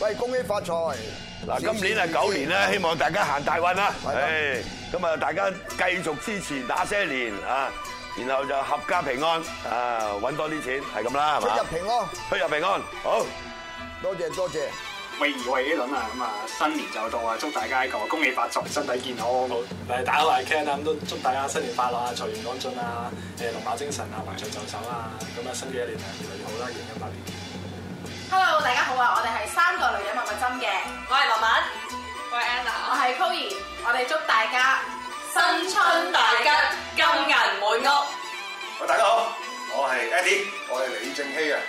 喂，恭喜發財！嗱，今年係九年啦，試試希望大家行大運啦！喂！咁啊，大家繼續支持打些年啊，然後就合家平安啊，揾多啲錢，係咁啦，係嘛？出入平安，出入平安，好，多謝多謝，維維咁啊，咁啊，Elon，新年就到啊，祝大家一個恭喜發財，身體健康。好！嚟打開眼鏡啊，咁都祝大家新年快樂啊，財源廣進啊，誒，龍馬精神啊，橫財就手啊，咁啊，新嘅一年啊，越嚟越好啦，二零一八年。Hello，大家好啊！我哋係三個女人蜜蜜針嘅，我係文文，我係 Anna，我係溝兒，我哋祝大家新春大吉，金銀滿屋。喂，大家好，我係 Andy，我係李正熙啊。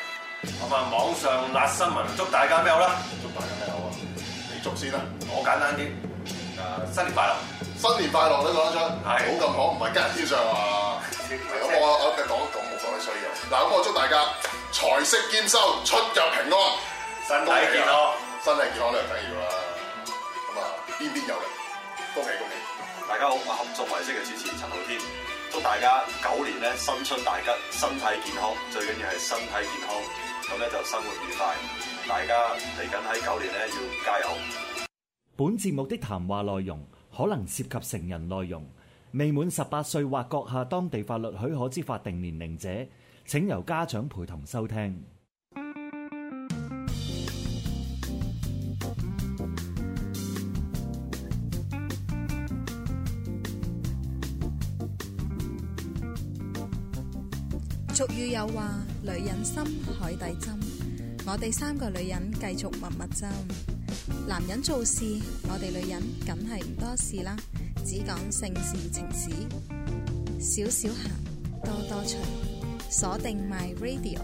咁啊，網上辣新聞祝大家咩好啦？祝大家咩好啊？你祝先啦，我簡單啲。誒，新年快樂，新年快樂呢個得唔得？係，唔好咁講，唔係吉人天相啊。咁我我哋講講冇所謂需要。嗱，咁我祝大家。財色兼收，出入平安，身體健康，身體健康咧就緊要啦。咁啊，邊邊有力，恭喜恭喜！大家好，我合作維繫嘅主持人陳浩天，祝大家狗年呢新春大吉，身體健康，最緊要係身體健康。咁咧就生活愉快，大家嚟緊喺狗年呢要加油。本節目的談話內容可能涉及成人內容，未滿十八歲或閣下當地法律許可之法定年，年齡者，請由家長陪同收聽。俗語有話：女人心，海底針。我哋三個女人繼續蜜蜜針。男人做事，我哋女人梗係唔多事啦，只講性事情事，少少行，多多趣。鎖定 My Radio。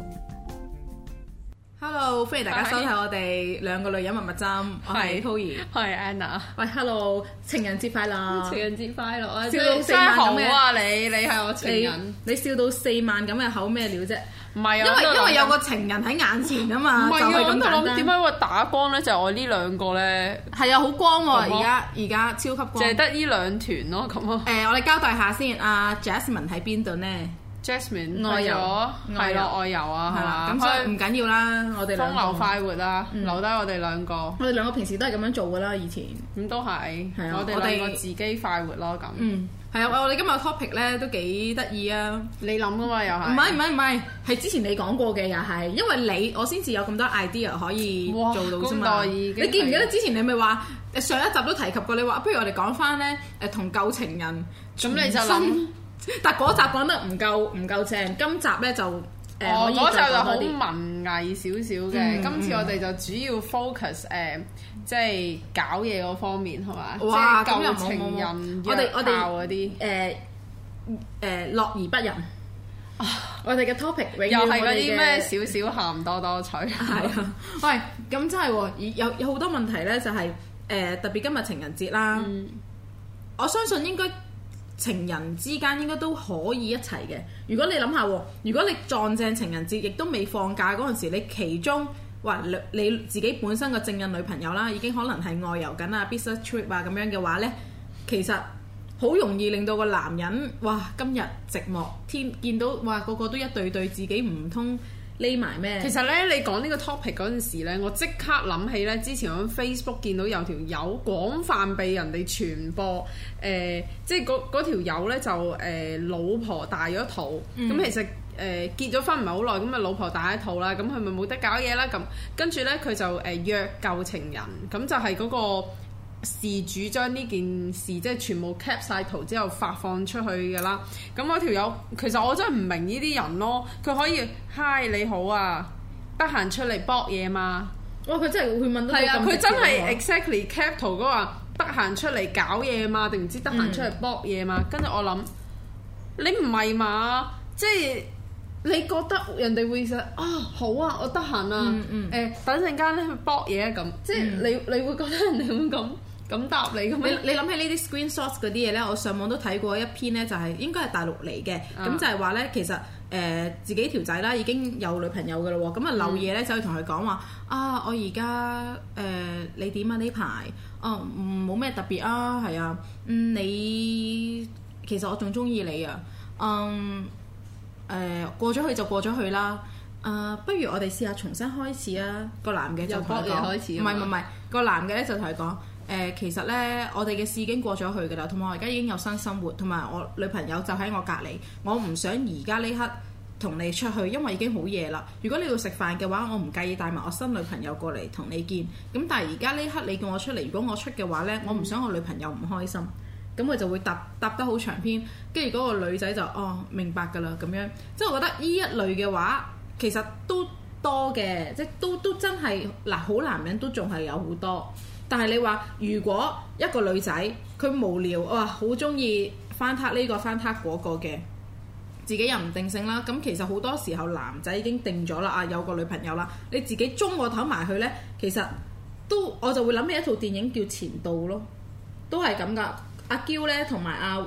Hello，歡迎大家收睇我哋兩個女人蜜蜜針。我係溝兒，我係 Anna。喂，Hello，情人節快樂！情人節快樂啊！笑到四萬啊？你你係我情人？你笑到四萬咁嘅口咩料啫？唔係啊，因為因為有個情人喺眼前啊嘛。唔係啊，咁但係點解會打光咧？就係我呢兩個咧，係啊，好光喎！而家而家超級光，淨係得呢兩團咯，咁啊。誒，我哋交代下先，阿 Jasmine 喺邊度呢？Jasmine，外遊，係咯，外遊啊，係嘛？咁所以唔緊要啦，我哋風流快活啦，留低我哋兩個。我哋兩個平時都係咁樣做噶啦，以前咁都係，我哋兩個自己快活咯，咁。嗯，係啊，我哋今日 topic 咧都幾得意啊！你諗噶嘛又係？唔係唔係唔係，係之前你講過嘅又係，因為你我先至有咁多 idea 可以做到咁多意嘛。你記唔記得之前你咪話上一集都提及過？你話不如我哋講翻咧誒同舊情人重新。但嗰集講得唔夠唔夠正，今集咧就誒嗰集就好文藝少少嘅，今次我哋就主要 focus 誒，即係搞嘢嗰方面係嘛？哇！舊情人我哋又嗰啲誒誒樂而不淫，我哋嘅 topic 又係嗰啲咩少少鹹多多取，係啊！喂，咁真係喎，有有好多問題咧，就係誒特別今日情人節啦，我相信應該。情人之間應該都可以一齊嘅。如果你諗下，如果你撞正情人節，亦都未放假嗰陣時，你其中哇，你自己本身個正印女朋友啦，已經可能係外遊緊啊 business trip 啊咁樣嘅話呢，其實好容易令到個男人哇，今日寂寞添見到哇，個個都一對對，自己唔通。匿埋咩？其實咧，你講呢個 topic 嗰陣時咧，我即刻諗起咧，之前我喺 Facebook 見到有條友廣泛被人哋傳播，誒、呃，即係嗰條友咧就誒、呃、老婆大咗肚，咁、嗯、其實誒、呃、結咗婚唔係好耐，咁咪老婆大咗肚啦，咁佢咪冇得搞嘢啦咁，跟住咧佢就誒、呃、約舊情人，咁就係嗰、嗰個。事主將呢件事即係全部 cap 晒圖之後發放出去㗎啦。咁我條友其實我真係唔明呢啲人咯。佢可以 hi 你好啊，得閒出嚟搏嘢嘛？哇！佢真係會問到係啊，佢真係 exactly cap、啊、圖嗰話，得閒出嚟搞嘢嘛？定唔知得閒出嚟搏嘢嘛？跟住、嗯、我諗，你唔係嘛？即係你覺得人哋會想啊？好啊，我得閒啊。誒、嗯嗯欸，等陣間咧去搏嘢咁。啊嗯、即係你你會覺得人哋會咁？咁答你咁你你諗起呢啲 screen shots 嗰啲嘢咧，我上網都睇過一篇咧、就是，就係應該係大陸嚟嘅。咁、uh. 就係話咧，其實誒、呃、自己條仔啦已經有女朋友嘅咯喎，咁、嗯、啊，漏嘢漏夜咧就去同佢講話啊，我而家誒你點啊，啊？呢排哦，冇咩特別啊，係啊，嗯，你其實我仲鍾意你啊，嗯誒、呃、過咗去就過咗去啦。誒、啊，不如我哋試下重新開始啊。嗯、個男嘅就講，唔係唔係個男嘅咧就同佢講。誒，其實呢，我哋嘅事已經過咗去㗎啦。同埋我而家已經有新生活，同埋我女朋友就喺我隔離。我唔想而家呢刻同你出去，因為已經好夜啦。如果你要食飯嘅話，我唔介意帶埋我新女朋友過嚟同你見。咁但係而家呢刻你叫我出嚟，如果我出嘅話呢，我唔想我女朋友唔開心，咁佢、嗯、就會答答得好長篇，跟住嗰個女仔就哦明白㗎啦咁樣。即係我覺得呢一類嘅話，其實都多嘅，即、係、都都真係嗱，好男人都仲係有好多。但係你話，如果一個女仔佢無聊，哇，好中意翻撻呢個翻撻嗰個嘅，自己又唔定性啦。咁其實好多時候男仔已經定咗啦，啊，有個女朋友啦。你自己中個頭埋去呢，其實都我就會諗起一套電影叫《前度》咯，都係咁噶。阿嬌呢同埋阿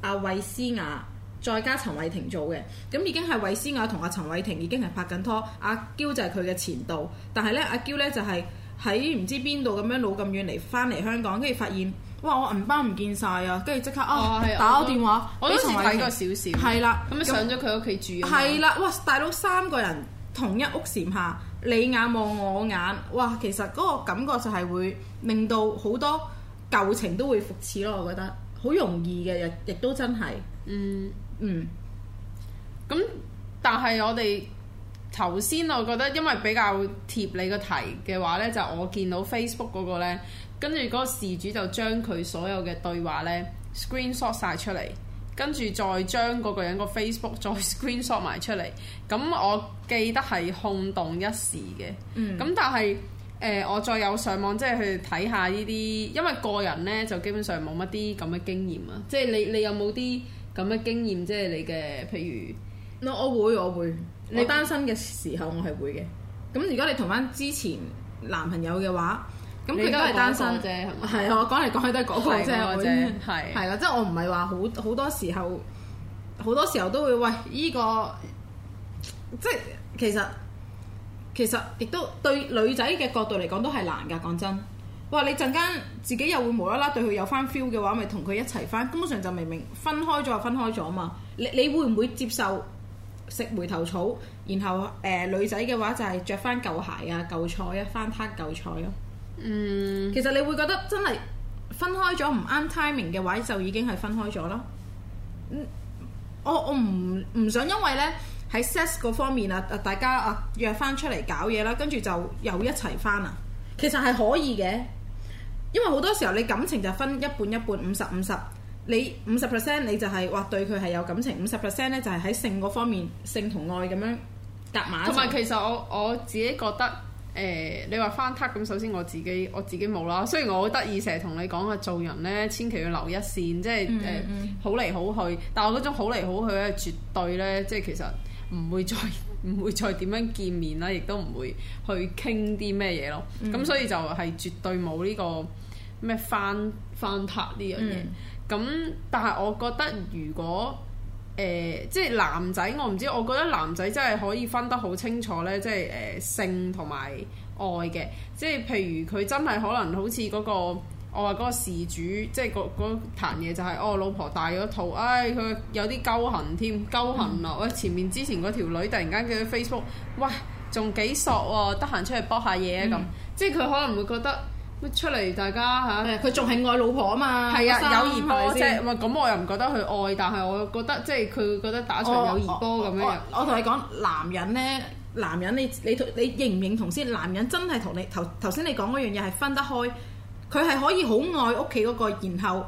阿魏詩雅再加陳偉霆做嘅，咁已經係魏詩雅同阿、啊、陳偉霆已經係拍緊拖，阿嬌就係佢嘅前度。但係呢，阿嬌呢就係、是。喺唔知邊度咁樣老咁遠嚟翻嚟香港，跟住發現，哇！我銀包唔見晒啊！跟住即刻啊，哦、打個電話。我都睇咗少少。係啦，咁啊上咗佢屋企住。係啦，哇！大佬，三個人同一屋檐下，你眼望我眼，哇！其實嗰個感覺就係會令到好多舊情都會復熾咯，我覺得。好容易嘅，亦亦都真係。嗯。嗯。咁，但係我哋。頭先我覺得，因為比較貼你個題嘅話呢，就我見到 Facebook 嗰個呢，跟住嗰個事主就將佢所有嘅對話呢 screen shot 晒出嚟，跟住再將嗰個人個 Facebook 再 screen shot 埋出嚟。咁我記得係轟動一時嘅。嗯。咁但係誒、呃，我再有上網即係去睇下呢啲，因為個人呢就基本上冇乜啲咁嘅經驗啊。即係你你有冇啲咁嘅經驗？即係你嘅譬如，我我會我會。我會你單身嘅時候我，我係會嘅。咁如果你同翻之前男朋友嘅話，咁佢你們 都係單身啫，係咪？係係啊，我講嚟講去都係嗰個啫，係係啦，即係我唔係話好好多時候，好多時候都會喂依、呢個，即係其實其實亦都對女仔嘅角度嚟講都係難噶。講真，哇！你陣間自己又會無啦啦對佢有翻 feel 嘅話，咪同佢一齊翻。根本上就明明分開咗就分開咗啊嘛。你你會唔會接受？食回頭草，然後誒、呃、女仔嘅話就係着翻舊鞋啊、舊菜啊、翻攤舊菜咯、啊。嗯，其實你會覺得真係分開咗唔啱 timing 嘅話，就已經係分開咗啦、嗯。我我唔唔想因為呢喺 sex 嗰方面啊大家啊約翻出嚟搞嘢啦，跟住就又一齊翻啊。其實係可以嘅，因為好多時候你感情就分一半一半五十五十。50, 50, 50, 你五十 percent 你就係話對佢係有感情，五十 percent 咧就係、是、喺性嗰方面，性同愛咁樣搭馬。同埋其實我我自己覺得，誒、呃、你話翻撻咁，首先我自己我自己冇啦。雖然我好得意，成日同你講啊，做人咧千祈要留一線，即係誒、嗯嗯呃、好嚟好去。但係我嗰種好嚟好去咧，絕對咧，即係其實唔會再唔 會再點樣見面啦，亦都唔會去傾啲咩嘢咯。咁、嗯、所以就係絕對冇呢、這個咩翻翻撻呢樣嘢。咁、嗯，但係我覺得如果誒、呃，即係男仔，我唔知，我覺得男仔真係可以分得好清楚呢，即係誒、呃、性同埋愛嘅。即係譬如佢真係可能好似嗰、那個，我話嗰個事主，即係嗰嗰壇嘢就係、是，哦我老婆大咗肚，唉、哎、佢有啲鳩痕添，鳩痕啊！喂、嗯、前面之前嗰條女突然間叫佢 Facebook，喂，仲幾索喎，得閒出去卜下嘢啊咁，即係佢可能會覺得。出嚟，大家吓，佢仲係愛老婆啊嘛，係啊，友誼波，咁我又唔覺得佢愛，但係我又覺得即係佢覺得打場友誼波咁樣。我同你講，嗯、男人呢，男人你你你認唔認同先？男人真係同你頭頭先你講嗰樣嘢係分得開。佢係可以好愛屋企嗰個，然後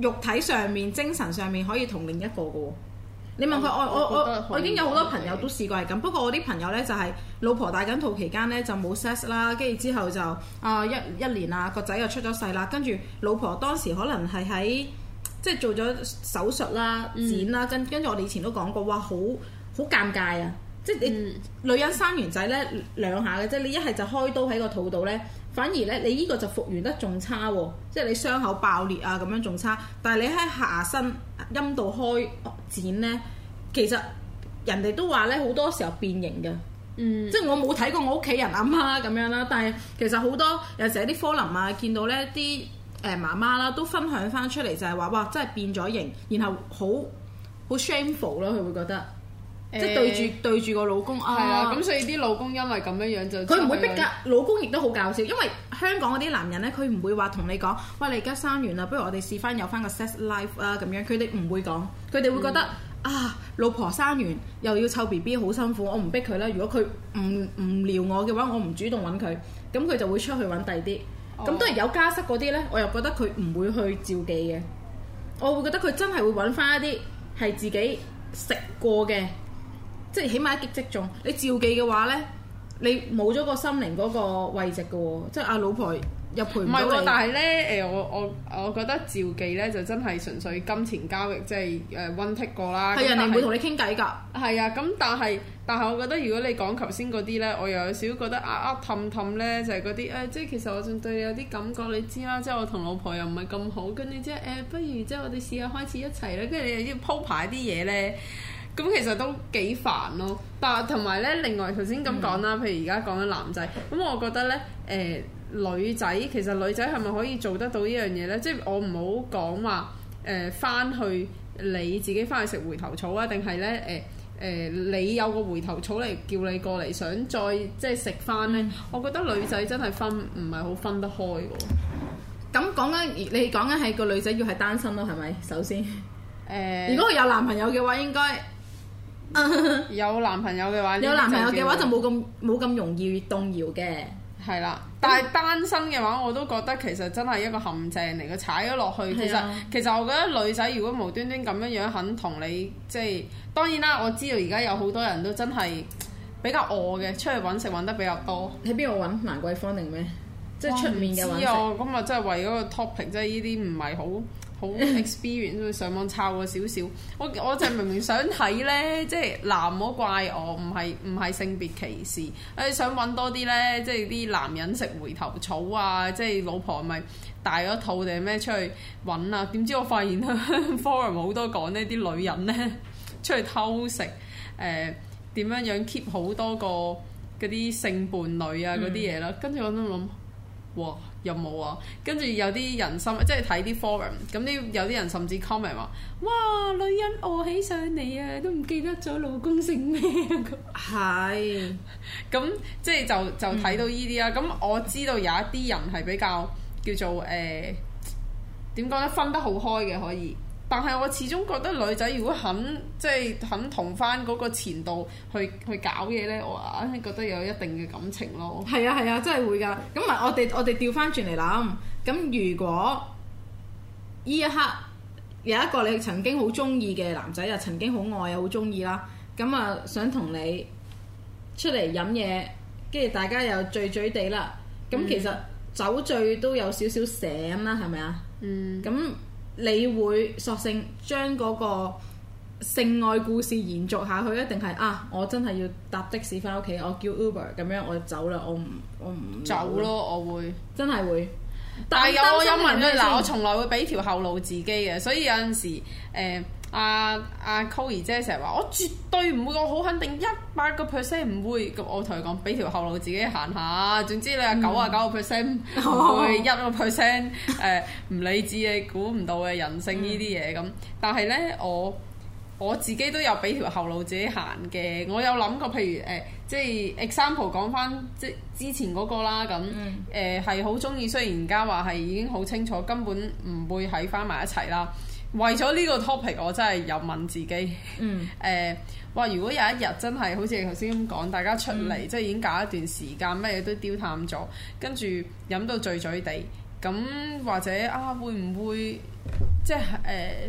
肉體上面、精神上面可以同另一個噶。你問佢，我我我我，我，我已經有好多朋友都試過係咁，嗯、不過我啲朋友咧就係老婆戴緊套期間咧就冇 sex 啦，跟住之後就啊、呃、一一年啊個仔又出咗世啦，跟住老婆當時可能係喺即係做咗手術啦、剪啦，跟跟住我哋以前都講過，哇好好尷尬啊！即係你女人生完仔咧兩下嘅啫，你一係就開刀喺個肚度咧，反而咧你呢個就復原得仲差喎、啊，即係你傷口爆裂啊咁樣仲差。但係你喺下身陰道開剪咧，其實人哋都話咧好多時候變形嘅，嗯、即係我冇睇過我屋企人阿媽咁樣啦。但係其實好多有時有啲科林啊見到咧啲誒媽媽啦、啊、都分享翻出嚟就係話哇真係變咗形，然後好好 shameful 咯，佢會覺得。即係對住、欸、對住個老公啊，咁、啊、所以啲老公因為咁樣樣就，佢唔會逼㗎。老公亦都好搞笑，因為香港嗰啲男人呢，佢唔會話同你講，喂，你而家生完啦，不如我哋試翻有翻個 sex life 啊，咁樣。佢哋唔會講，佢哋會覺得、嗯、啊，老婆生完又要湊 B B 好辛苦，我唔逼佢啦。如果佢唔唔撩我嘅話，我唔主動揾佢，咁佢就會出去揾第二啲。咁當然有家室嗰啲呢，我又覺得佢唔會去召妓嘅。我會覺得佢真係會揾翻一啲係自己食過嘅。即係起碼一擊即中，你召妓嘅話咧，你冇咗個心靈嗰個位置嘅喎，即係阿老婆又陪唔到你。唔係喎，但係咧誒，我我我覺得召妓咧就真係純粹金錢交易，即係誒温剔過啦。係、呃、但係，人哋唔會同你傾偈㗎。係啊，咁但係但係，我覺得如果你講頭先嗰啲咧，我又有少少覺得噏噏氹氹咧，就係嗰啲誒，即係其實我仲對你有啲感覺，你知啦。即係我同老婆又唔係咁好，跟住即係誒，不如即係我哋試,試下開始一齊啦。跟住你又要鋪排啲嘢咧。咁其實都幾煩咯，但同埋咧，另外頭先咁講啦，嗯、譬如而家講緊男仔，咁我覺得咧，誒、呃、女仔其實女仔係咪可以做得到呢樣嘢咧？即係我唔好講話誒翻去你自己翻去食回頭草啊，定係咧誒誒你有個回頭草嚟叫你過嚟想再即係食翻咧？我覺得女仔真係分唔係好分得開嘅。咁講緊你講緊係個女仔要係單身咯，係咪？首先，誒、呃，如果我有男朋友嘅話，應該。 有男朋友嘅話， 有男朋友嘅話就冇咁冇咁容易動搖嘅。係啦，但係單身嘅話，我都覺得其實真係一個陷阱嚟。佢踩咗落去，其實 其實我覺得女仔如果無端端咁樣樣肯同你，即係當然啦。我知道而家有好多人都真係比較餓嘅，出去揾食揾得比較多。喺邊度揾？蘭桂坊定咩？即係出面嘅揾食。咁啊，真係為嗰個 topic，即係依啲唔係好。好 experience，上網抄過少少，我我就明明想睇呢，即係男唔好怪我，唔係唔係性別歧視。誒想揾多啲呢，即係啲男人食回頭草啊，即係老婆咪大咗肚定係咩出去揾啊？點知我發現、嗯、 forum 好多講呢啲女人呢，出去偷食，誒、呃、點樣樣 keep 好多個嗰啲性伴侶啊嗰啲嘢啦，跟住、嗯、我都諗，哇！有冇啊？跟住有啲人心，即係睇啲 forum，咁啲有啲人甚至 comment 話，哇，女人餓起上嚟啊，都唔記得咗老公姓咩啊。係 是，咁 即係就就睇到呢啲啦。咁、嗯、我知道有一啲人係比較叫做誒點講咧，分得好開嘅可以。但係我始終覺得女仔如果肯即係、就是、肯同翻嗰個前度去去搞嘢呢，我覺得有一定嘅感情咯。係啊係啊，真係會㗎。咁唔係我哋我哋調翻轉嚟諗，咁如果呢一刻有一個你曾經好中意嘅男仔又曾經好愛又好中意啦，咁啊想同你出嚟飲嘢，跟住大家又醉醉地啦，咁其實酒醉都有少少醒啦，係咪啊？嗯。咁你會索性將嗰個性愛故事延續下去，一定係啊！我真係要搭的士返屋企，我叫 Uber 咁樣，我就走，走啦，我唔我唔走囉，我會真係會。會但係有擔心 我韌力啦，麼我從來會俾條後路自己嘅，所以有陣時誒。呃阿啊，溝兒姐成日話我絕對唔會，我好肯定一百個 percent 唔會。咁我同佢講，俾條後路自己行下。總之你啊九啊九個 percent 唔會，一個 percent 誒唔理智嘅估唔到嘅人性呢啲嘢咁。但係咧，我我自己都有俾條後路自己行嘅。我有諗過，譬如誒、呃，即係 example 講翻即之前嗰、那個啦咁誒，係好中意。雖然而家話係已經好清楚，根本唔會喺翻埋一齊啦。為咗呢個 topic，我真係又問自己，誒，哇！如果有一日真係好似你頭先咁講，大家出嚟、嗯、即係已經隔一段時間，乜嘢都丟淡咗，跟住飲到醉醉地。咁或者啊，會唔會即係誒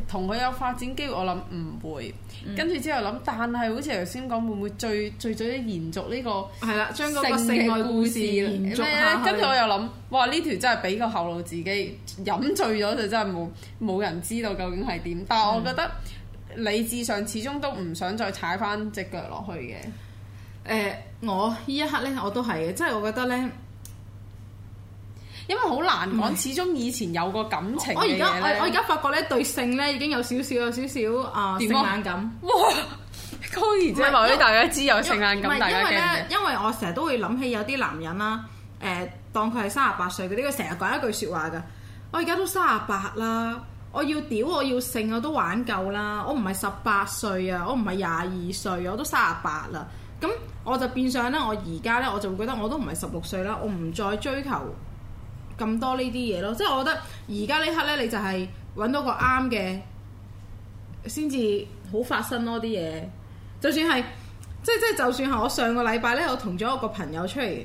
同佢有發展機會？我諗唔會。跟住之後諗，但係好似頭先講，會唔會最最早咧延續呢、這個係啦、嗯，將個性,性愛故事延續下咧，跟住我又諗，哇！呢條、這個、真係俾個後路自己飲醉咗就真係冇冇人知道究竟係點。但係我覺得理智上始終都唔想再踩翻隻腳落去嘅。誒、嗯呃，我呢一刻咧我都係嘅，即係我覺得咧。因為好難講，始終以前有個感情嘅嘢咧。我而家、嗯、我我而家發覺咧，對性咧已經有少少有少少，少性感啊性冷感。哇！溝兒姐話俾大家知有性冷感是，大家驚咩？因為咧，因為我成日都會諗起有啲男人啦，誒、欸、當佢係三十八歲嗰啲，佢成日講一句説話噶。我而家都三十八啦，我要屌，我要性，我都玩夠啦。我唔係十八歲啊，我唔係廿二歲，我都三十八啦。咁我就變相咧，我而家咧我就會覺得我都唔係十六歲啦，我唔再追求。咁多呢啲嘢咯，即係我覺得而家呢刻呢，你就係揾到個啱嘅，先至好發生多啲嘢。就算係，即係即係，就算係我上個禮拜呢，我同咗一個朋友出嚟，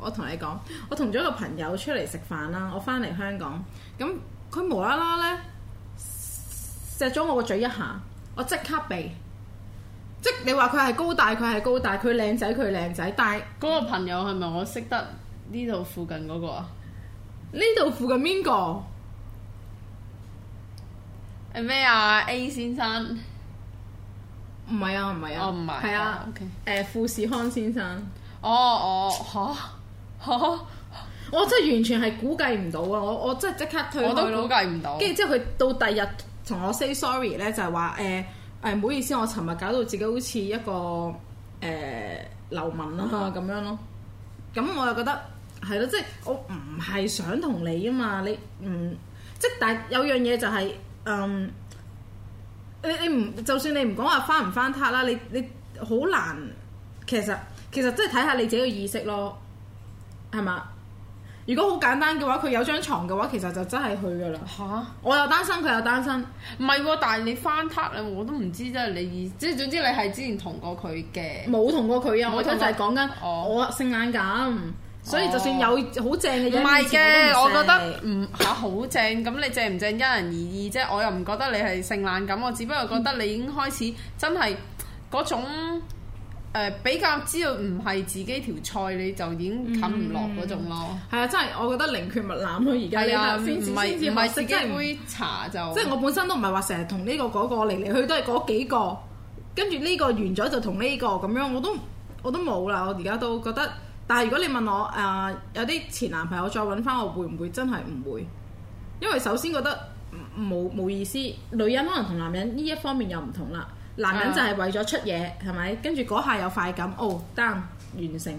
我同你講，我同咗個朋友出嚟食飯啦。我翻嚟香港，咁佢無啦啦呢，錫咗我個嘴一下，我即刻避。即係你話佢係高大，佢係高大；佢靚仔，佢靚仔。但係嗰個朋友係咪我識得呢度附近嗰個啊？呢度附近邊個？係咩啊？A 先生？唔係啊，唔係啊，唔係、oh, 啊，誒、啊 okay. 呃、富士康先生。哦哦，嚇我真係完全係估計唔到啊！我真我真係即刻退。我都估計唔到。到到跟住之後，佢到第日同我 say sorry 咧，就係話誒誒唔好意思，我尋日搞到自己好似一個誒、呃、流民啊咁樣咯。咁我又覺得。係咯，即係、就是、我唔係想同你啊嘛，你唔即係，但係有樣嘢就係、是，嗯，你你唔就算你唔講話返唔返塔啦，你你好難其實其實即係睇下你自己嘅意識咯，係嘛？如果好簡單嘅話，佢有張床嘅話，其實就真係去㗎喇。嚇蛤！我又單身，佢又單身，唔係喎。但係你返塔啊，我都唔知即係你意思，即係總之你係之前同過佢嘅，冇同過佢啊。我而家就係講緊我性冷感。所以就算有好正嘅嘢，唔係嘅，我覺得唔嚇好正。咁你正唔正因人而異啫。我又唔覺得你係性冷感，我只不過覺得你已經開始真係嗰種、呃、比較知道唔係自己條菜，你就已經冚唔落嗰種咯。係、嗯嗯、啊，真係我覺得寧缺勿濫咯。而家你話先至先至買，一杯茶就即係我本身都唔係話成日同呢個嗰個嚟嚟去都係嗰幾個，跟住呢個完咗就同呢個咁樣，我都我都冇啦。我而家都覺得。但係如果你問我，誒、呃、有啲前男朋友再揾翻我，會唔會真係唔會？因為首先覺得冇冇、呃、意思。女人可能同男人呢一方面又唔同啦。男人就係為咗出嘢係咪？跟住嗰下有快感哦，down 完成。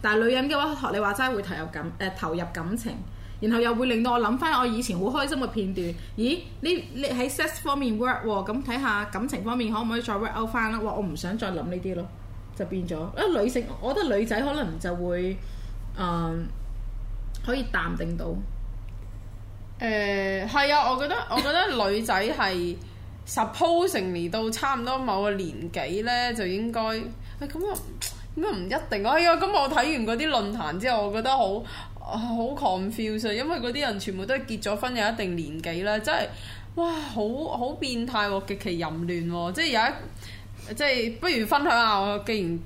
但係女人嘅話學你話齋會投入感誒、呃、投入感情，然後又會令到我諗翻我以前好開心嘅片段。咦？呢你喺 sex 方面 work 喎、哦，咁睇下感情方面可唔可以再 work out 翻啦？我唔想再諗呢啲咯。就變咗，啊女性，我覺得女仔可能就會，誒、呃、可以淡定到、呃，誒係啊，我覺得我覺得女仔係 supposing 嚟到差唔多某個年紀呢，就應該，啊咁又，咁又唔一定啊，哎呀，今日我睇完嗰啲論壇之後，我覺得好，好 confuse 因為嗰啲人全部都係結咗婚有一定年紀啦，真係，哇，好好變態喎、啊，極其淫亂喎、啊，即係有一。即係不如分享下我，既然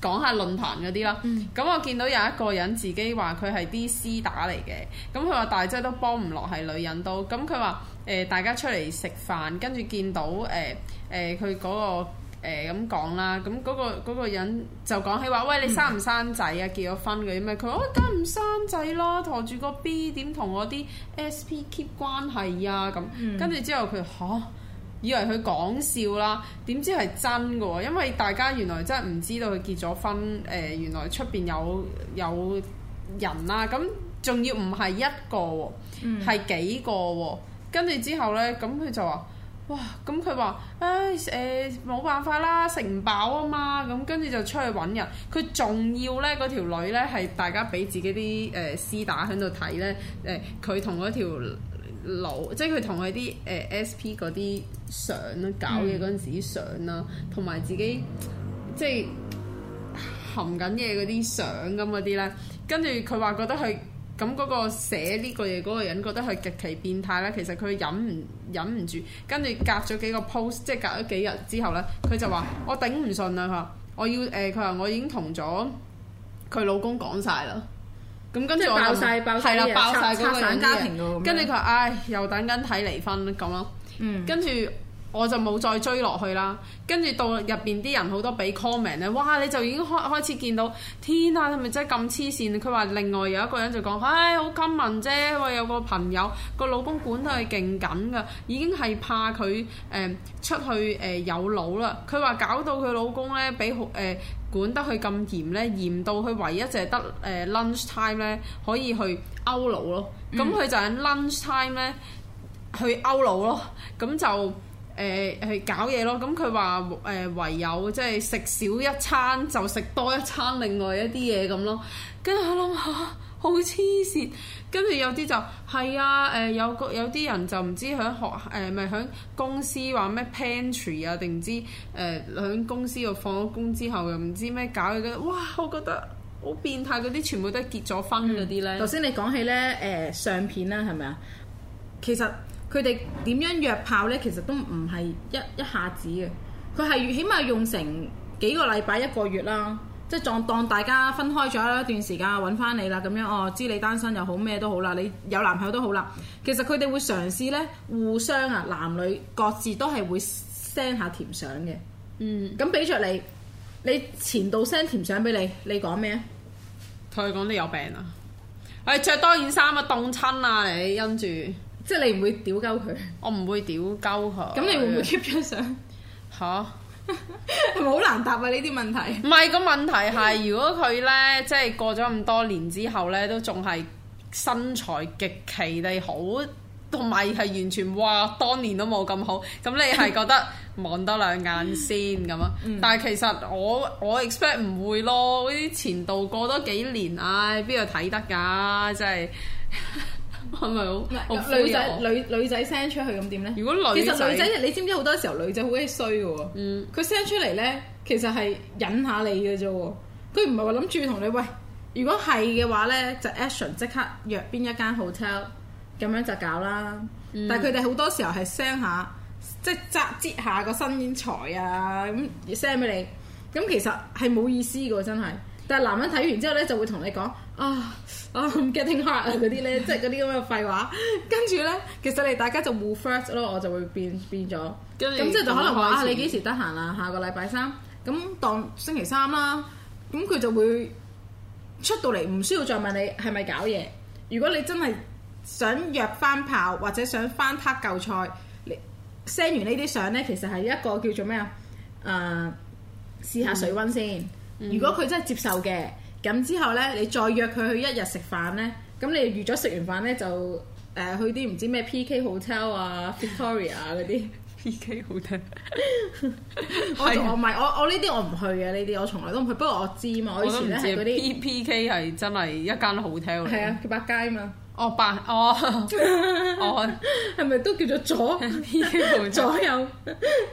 講下論壇嗰啲啦。咁、嗯、我見到有一個人自己話佢係 BC 打嚟嘅，咁佢話大姐都幫唔落係女人都。咁佢話誒大家出嚟食飯，跟住見到誒誒佢嗰個誒咁講啦。咁、呃、嗰、嗰個嗰個人就講起話，喂，你生唔生仔啊？嗯、結咗婚嗰啲咩？佢話梗唔生仔啦，陀住個 B 點同我啲 SP keep 關係啊咁。跟住、嗯、之後佢嚇。以為佢講笑啦，點知係真嘅喎？因為大家原來真係唔知道佢結咗婚，誒、呃、原來出邊有有人啦、啊，咁仲要唔係一個喎，係、嗯、幾個喎、啊？跟住之後呢，咁佢就話，哇！咁佢話，誒誒冇辦法啦，食唔飽啊嘛！咁跟住就出去揾人。佢仲要呢嗰條女呢，係大家俾自己啲誒、呃、絲打喺度睇呢，誒佢同嗰條。即係佢同佢啲誒 S.P. 嗰啲相啦，搞嘢嗰陣時相啦，同埋、嗯、自己即係含緊嘢嗰啲相咁嗰啲咧。跟住佢話覺得佢咁嗰個寫呢個嘢嗰個人覺得佢極其變態啦。其實佢忍唔忍唔住，跟住隔咗幾個 post，即係隔咗幾日之後咧，佢就話我頂唔順啦。佢話我要誒，佢、呃、話我已經同咗佢老公講晒啦。咁跟住爆晒，爆曬拆散家庭咯。跟住佢唉，又等緊睇離婚咁咯。嗯，跟住我就冇再追落去啦。跟住到入邊啲人好多俾 comment 咧，哇！你就已經開開始見到，天啊，係咪真係咁黐線？佢話另外有一個人就講：唉、哎，好親民啫。我有個朋友個老公管得係勁緊㗎，已經係怕佢誒、呃、出去誒、呃、有腦啦。佢話搞到佢老公咧，俾好、呃管得佢咁嚴咧，嚴到佢唯一就係得誒 lunch time 咧，可以去勾佬咯。咁佢就喺 lunch time 咧去勾佬咯。咁就誒去搞嘢咯。咁佢話誒唯有即係食少一餐就食多一餐，另外一啲嘢咁咯。跟住我諗下。好黐線，跟住有啲就係啊，誒、呃、有個有啲人就唔知喺學誒，咪、呃、喺公司話咩 pantry 啊，定唔知誒喺、呃、公司度放咗工之後又唔知咩搞嘢覺得：「哇！我覺得好變態，嗰啲全部都係結咗婚嗰啲咧。頭先你講起咧誒、呃、相片啦，係咪啊？其實佢哋點樣約炮咧，其實都唔係一一下子嘅，佢係起碼用成幾個禮拜一個月啦。即係撞當大家分開咗一段時間，揾翻你啦咁樣哦，知你單身又好咩都好啦，你有男朋友都好啦。其實佢哋會嘗試呢，互相啊，男女各自都係會 send 下甜相嘅。嗯，咁俾著你，你前度 send 甜相俾你，你講咩啊？同佢講你有病啊！哎，著多件衫啊，凍親啊你，因住即係你唔會屌鳩佢。 我唔會屌鳩佢。咁你會唔會 keep 張相？吓？ 係咪好難答啊呢啲問題？是是。唔係個問題係，如果佢呢，即係過咗咁多年之後呢，都仲係身材極其地好，同埋係完全哇當年都冇咁好。咁你係覺得望 多兩眼先咁啊？但係其實我我 expect 唔會咯。呢啲前度過多幾年，唉、哎，邊度睇得噶？真係。 係咪是好？女仔生我女女仔 send 出去咁點咧？如果女其實女仔你知唔知好多時候女仔好閪衰嘅喎，佢、嗯、send 出嚟咧，其實係引下你嘅啫喎。佢唔係話諗住同你喂，如果係嘅話咧，就 action 即刻約邊一間 hotel，咁樣就搞啦。嗯、但係佢哋好多時候係 send 下，即係扎擠下個身材啊，咁 send 俾你。咁其實係冇意思嘅喎，真係。但男人睇完之後咧就會同你講啊啊，getting hard 啊嗰啲咧，即係嗰啲咁嘅廢話。跟住咧，其實你大家就 move first 咯，我就會變變咗。咁即係就可能話啊，你幾時得閒啊？下個禮拜三，咁當星期三啦。咁佢就會出到嚟，唔需要再問你係咪搞嘢。如果你真係想約翻炮或者想翻拍舊菜，你 send 完呢啲相咧，其實係一個叫做咩啊？誒、呃，試下水溫先。嗯如果佢真係接受嘅，咁之後咧，你再約佢去一日食飯咧，咁你預咗食完飯咧就誒去啲唔知咩 PK hotel 啊、Victoria 嗰啲 PK hotel。我我唔係，我我呢啲我唔去嘅，呢啲我從來都唔去。不過我知嘛，我以前咧嗰啲 PK 係真係一間 hotel。係啊，叫百佳嘛。哦，百哦哦，係咪都叫做左 PK 同 左右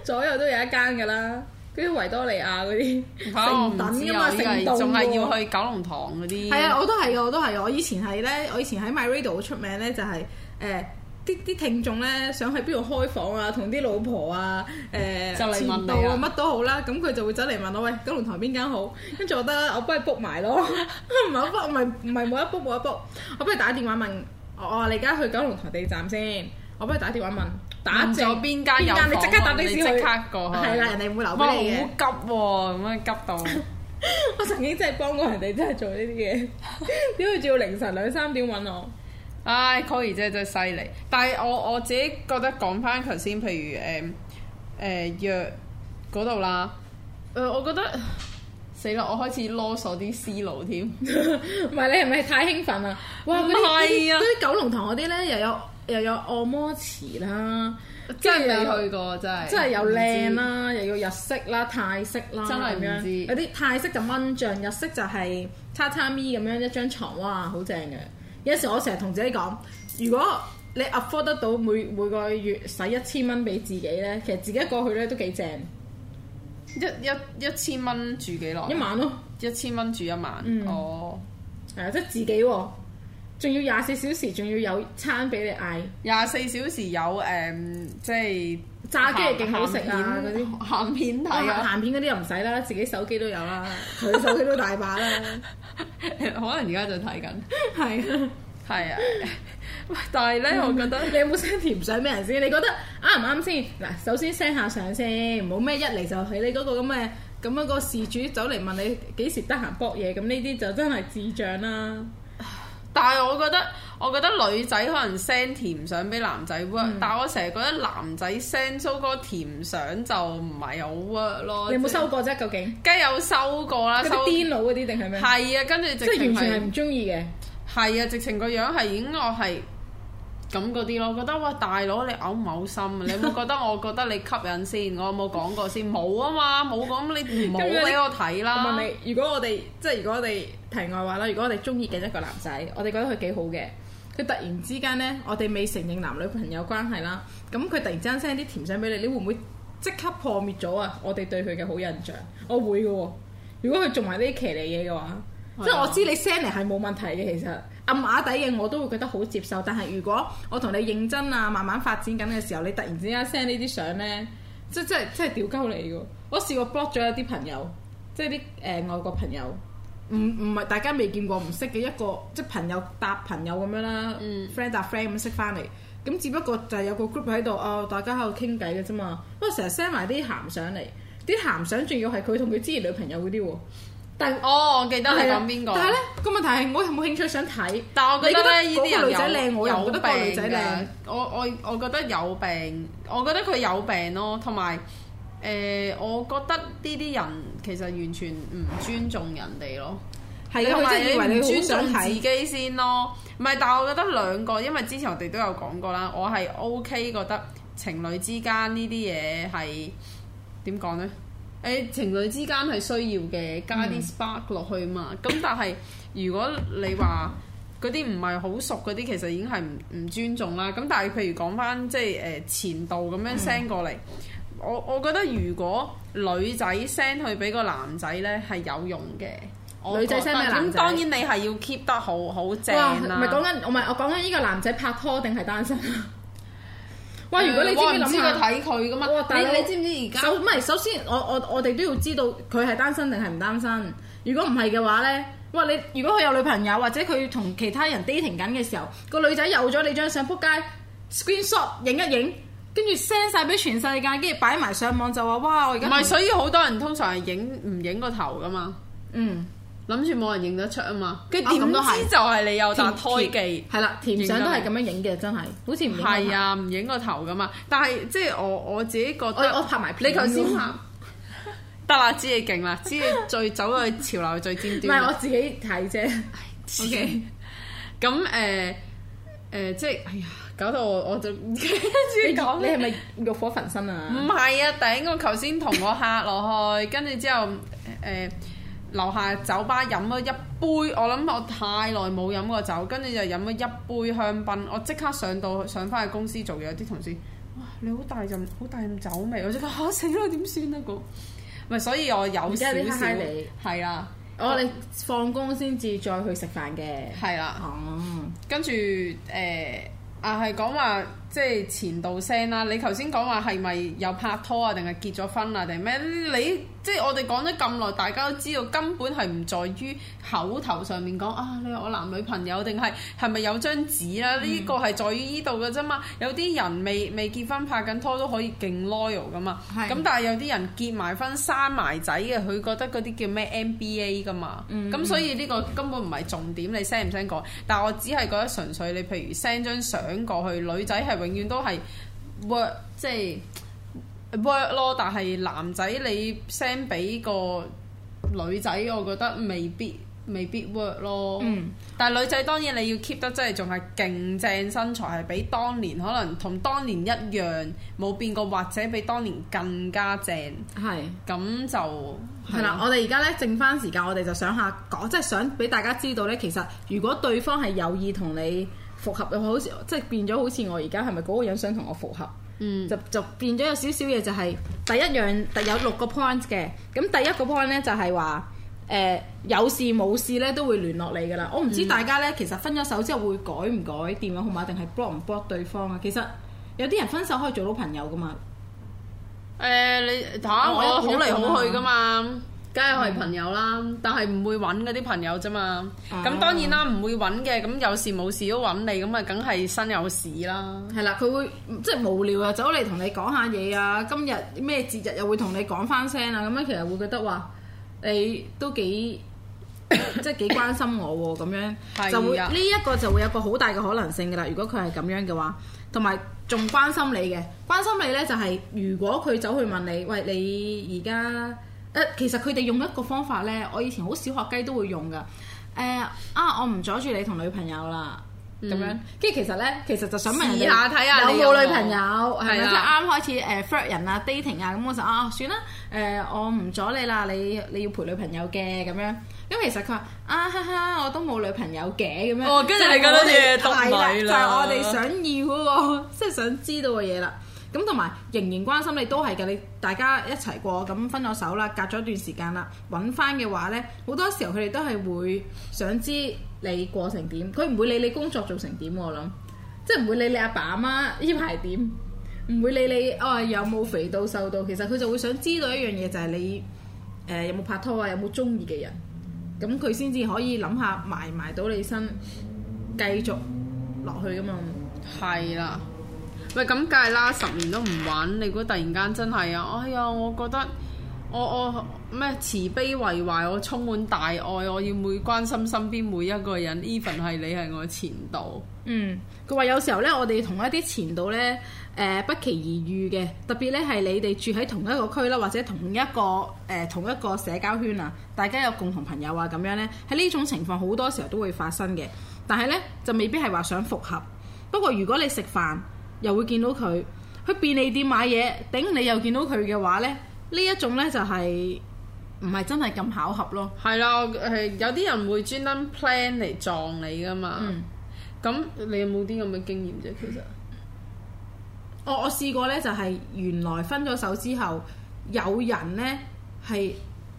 左右都有一間㗎啦？嗰啲維多利亞嗰啲，成等噶嘛，仲係要去九龍塘嗰啲。係啊，我都係，我都係。我以前係咧，我以前喺 MyRadio 好出名咧，就係誒啲啲聽眾咧想去邊度開房啊，同啲老婆啊就嚟到啊乜都好啦，咁佢就會走嚟問我喂，九龍塘邊間好？跟住我得，我幫你 book 埋咯。唔係我幫，唔係唔係冇一 book 冇一 book，我不如打電話問我話你而家去九龍塘地站先。我不如打電話問，打咗正邊間有房間、啊、間你即刻打的過去，係啦、啊，人哋唔會留俾你嘅、哦。我好急喎、啊，咁樣急到， 我曾經真係幫過人哋真係做呢啲嘢，點會做到凌晨兩三點搵我？唉，Kohi、哎、真係真係犀利，但係我我自己覺得講翻頭先，譬如誒誒約嗰度啦，誒、呃、我覺得死啦，我開始囉嗦啲思路添，唔 係你係咪太興奮啦？哇，係是些啊，嗰啲九龍塘嗰啲咧又有。又有按摩池啦，真係未去過真係。真係又靚啦，又要日式啦、泰式啦，式真係唔知。有啲泰式就蚊帳，日式就係榻榻米咁樣一張床。哇，好正嘅。有時我成日同自己講，如果你 afford 得到每每個月使一千蚊俾自己咧，其實自己過去一去咧都幾正。一一一千蚊住幾耐？一晚咯，一千蚊住一晚。哦、嗯，係啊、oh，呃，即係自己喎。仲要廿四小時，仲要有餐俾你嗌。廿四小時有誒，即係炸雞係勁好食啊！嗰啲鹹片鹹片嗰啲又唔使啦，自己手機都有啦，佢手機都大把啦。可能而家就睇緊。係啊，係啊。喂，但係咧，我覺得你有冇 send 條相俾人先？你覺得啱唔啱先？嗱，首先 send 下相先，唔好咩一嚟就係你嗰個咁嘅咁樣個事主走嚟問你幾時得閒博嘢，咁呢啲就真係智障啦。但係我覺得，我覺得女仔可能 send 甜相俾男仔 work、嗯、但係我成日覺得男仔 send 粗歌甜相就唔係好 work 咯。你有冇收過啫？究竟梗係有收過啦，佢癲佬嗰啲定係咩？係啊，跟住直情完全係唔中意嘅。係啊，直情個樣係，已經我係。咁嗰啲咯，覺得哇大佬你嘔唔嘔心啊？你有冇覺得我覺得你吸引先？ 我有冇講過先？冇 啊嘛，冇講，你冇俾我睇啦。問你，如果我哋即係如果我哋題外話啦，如果我哋中意嘅一個男仔，我哋覺得佢幾好嘅，佢突然之間呢，我哋未承認男女朋友關係啦，咁佢突然之間 send 啲甜仔俾你，你會唔會即刻破滅咗啊？我哋對佢嘅好印象，我會嘅喎、哦。如果佢仲係呢啲騎呢嘢嘅話。 即係我知你 send 嚟係冇問題嘅，其實暗啞底嘅我都會覺得好接受。但係如果我同你認真啊，慢慢發展緊嘅時候，你突然之間 send 呢啲相咧，即係即係即係掉鳩你嘅。我試過 block 咗一啲朋友，即係啲誒外國朋友，唔唔係大家未見過唔識嘅一個，即係朋友搭朋友咁樣啦、嗯，friend 搭 friend 咁樣識翻嚟。咁只不過就係有個 group 喺度啊，大家喺度傾偈嘅啫嘛。不過成日 send 埋啲鹹相嚟，啲鹹相仲要係佢同佢之前女朋友嗰啲喎。但哦，我記得係講邊個？但係咧，個問題係，我又冇興趣想睇。但係我覺得呢啲人有有得病。我我我覺得有病，我覺得佢有病咯。同埋，誒、呃，我覺得呢啲人其實完全唔尊重人哋咯。係的，同埋你唔尊重自己先咯。唔係，但係我覺得兩個，因為之前我哋都有講過啦，我係 OK 覺得情侶之間呢啲嘢係點講咧？誒、欸、情侶之間係需要嘅，加啲 spark 落去嘛。咁、嗯嗯、但係如果你話嗰啲唔係好熟嗰啲，其實已經係唔唔尊重啦。咁但係譬如講返即係誒、呃、前度咁樣 send 過嚟，嗯、我我覺得如果女仔 send 去俾個男仔咧係有用嘅。女仔 send 俾男？咁當然你係要 keep 得好好正啦、啊。唔係講緊我唔我講緊呢個男仔拍拖定係單身？ 喂，如果你知唔知諗呢個睇佢噶嘛？哇！但你你，你知唔知而家首唔係首先，我我我哋都要知道佢係單身定係唔單身。如果唔係嘅話咧，哇！你如果佢有女朋友或者佢同其他人 dating 緊嘅時候，嗰個女仔有咗你張相，撲街 screen shot 影一影，跟住 send 晒俾全世界，跟住擺埋上網就話哇！我而家唔係，所以好多人通常係影唔影個頭噶嘛。嗯。諗住冇人認得出啊嘛，佢點知就係你有大胎記，係啦、啊，甜相都係咁樣影嘅，真係，好似唔係啊，唔影個頭噶啊。但係即係我我自己覺得，我，我拍埋片，你頭先拍得啦樣，知你勁啦， 知你最走去潮流最尖端，唔係 我自己睇啫，自己咁誒誒，即係哎呀，搞到我我就 自己講，你係咪欲火焚身啊？唔係啊，頂！我頭先同我吓落去，跟住 之後誒。呃樓下酒吧飲咗一杯，我諗我太耐冇飲過酒，跟住就飲咗一杯香檳。我即刻上到上翻去公司做嘢，啲同事，哇你好大陣好大酒味，我就話嚇死啦，點算啊？咁咪所以我有少少你係啦了、哦呃。我哋放工先至再去食飯嘅係啦。跟住誒啊係講話即係前度聲啦。你頭先講話係咪又拍拖啊，定係結咗婚啊，定係咩你？你即係我哋講咗咁耐，大家都知道根本係唔在於口頭上面講啊，你話我男女朋友定係係咪有張紙啦、啊？呢、嗯、個係在於呢度嘅啫嘛。有啲人未未結婚拍緊拖都可以勁 loyal 噶嘛。咁是但係有啲人結埋婚生埋仔嘅，佢覺得嗰啲叫咩 NBA 噶嘛。咁、嗯、所以呢個根本唔係重點，你 send 唔 send 過？但我只係覺得純粹你譬如 send 張相過去，女仔係永遠都係 work 即係。work 咯，但係男仔你 send 俾個女仔，我覺得未必未必 work 咯。嗯，但係女仔當然你要 keep 得真係仲係勁正身材，係比當年可能同當年一樣冇變過，或者比當年更加正。係咁是就係啦。我哋而家咧剩翻時間，我哋就想下講，即係想俾大家知道咧，其實如果對方係有意同你復合，好似即係變咗好似我而家，係咪嗰個人想同我復合？嗯，就就變咗有少少嘢，就係、是、第一樣，有六個 point 嘅。咁第一個 point 咧就係話，誒、呃、有事冇事咧都會聯絡你噶啦。我、哦、唔知大家咧，其實分咗手之後會改唔改電話號碼，定係 block 唔 block 對方啊？其實有啲人分手可以做到朋友噶嘛。誒、呃，你睇我、哦、我好嚟好去噶嘛。梗係係朋友啦，嗯、但係唔會揾嗰啲朋友啫嘛。咁、哦、當然啦，唔會揾嘅。咁有事冇事都揾你，咁啊，梗係身有事啦。係啦，佢會即係無聊啊，走嚟同你講下嘢啊。今日咩節日又會同你講翻聲啊。咁樣其實會覺得話你都幾 即係幾關心我喎、啊。咁樣 是、啊、就會呢一、呢個就會有個好大嘅可能性噶啦。如果佢係咁樣嘅話，同埋仲關心你嘅，關心你呢就係、是、如果佢走去問你，喂，你而家。誒，其實佢哋用一個方法咧，我以前好小學雞都會用噶。誒、呃、啊，我唔阻住你同女朋友啦，咁樣、嗯。跟住其實咧，其實就想問試試下睇下有冇女朋友，係咪啱啱開始誒 friend 人，是、啊、人啊 dating 啊咁，我就，啊算啦。誒、呃，我唔阻你啦，你你要陪女朋友嘅咁樣。咁其實佢話啊哈哈，我都冇女朋友嘅咁樣。哦，跟住你覺得，嘢，就係、是、我哋想要嗰個，即係想知道嘅嘢啦。咁同埋仍然關心你都係嘅，你大家一齊過咁分咗手啦，隔咗一段時間啦，揾翻嘅話呢，好多時候佢哋都係會想知你過成點，佢唔會理你工作做成點我諗，即係唔會理你阿爸阿媽呢排點，唔會理你哦有冇肥到瘦到，其實佢就會想知道一樣嘢就係、是、你誒、呃、有冇拍拖啊，有冇中意嘅人，咁佢先至可以諗下埋埋到你身繼續落去噶嘛。係啦、啊。喂，咁梗係啦，十年都唔揾你，估突然間真係啊！哎呀，我覺得我我咩慈悲為懷，我充滿大愛，我要每關心身邊每一個人。even 係你係我前度，嗯，佢話有時候呢，我哋同一啲前度呢，誒不期而遇嘅，特別呢係你哋住喺同一個區啦，或者同一個誒、呃、同一個社交圈啊，大家有共同朋友啊，咁樣呢，喺呢種情況好多時候都會發生嘅，但係呢，就未必係話想復合。不過如果你食飯，又會見到佢去便利店買嘢，頂你又見到佢嘅話呢，呢一種呢就係唔係真係咁巧合咯？係啦，有啲人會專登 plan 嚟撞你噶嘛。咁你有冇啲咁嘅經驗啫？其實，我我試過呢，就係原來分咗手之後，有人呢係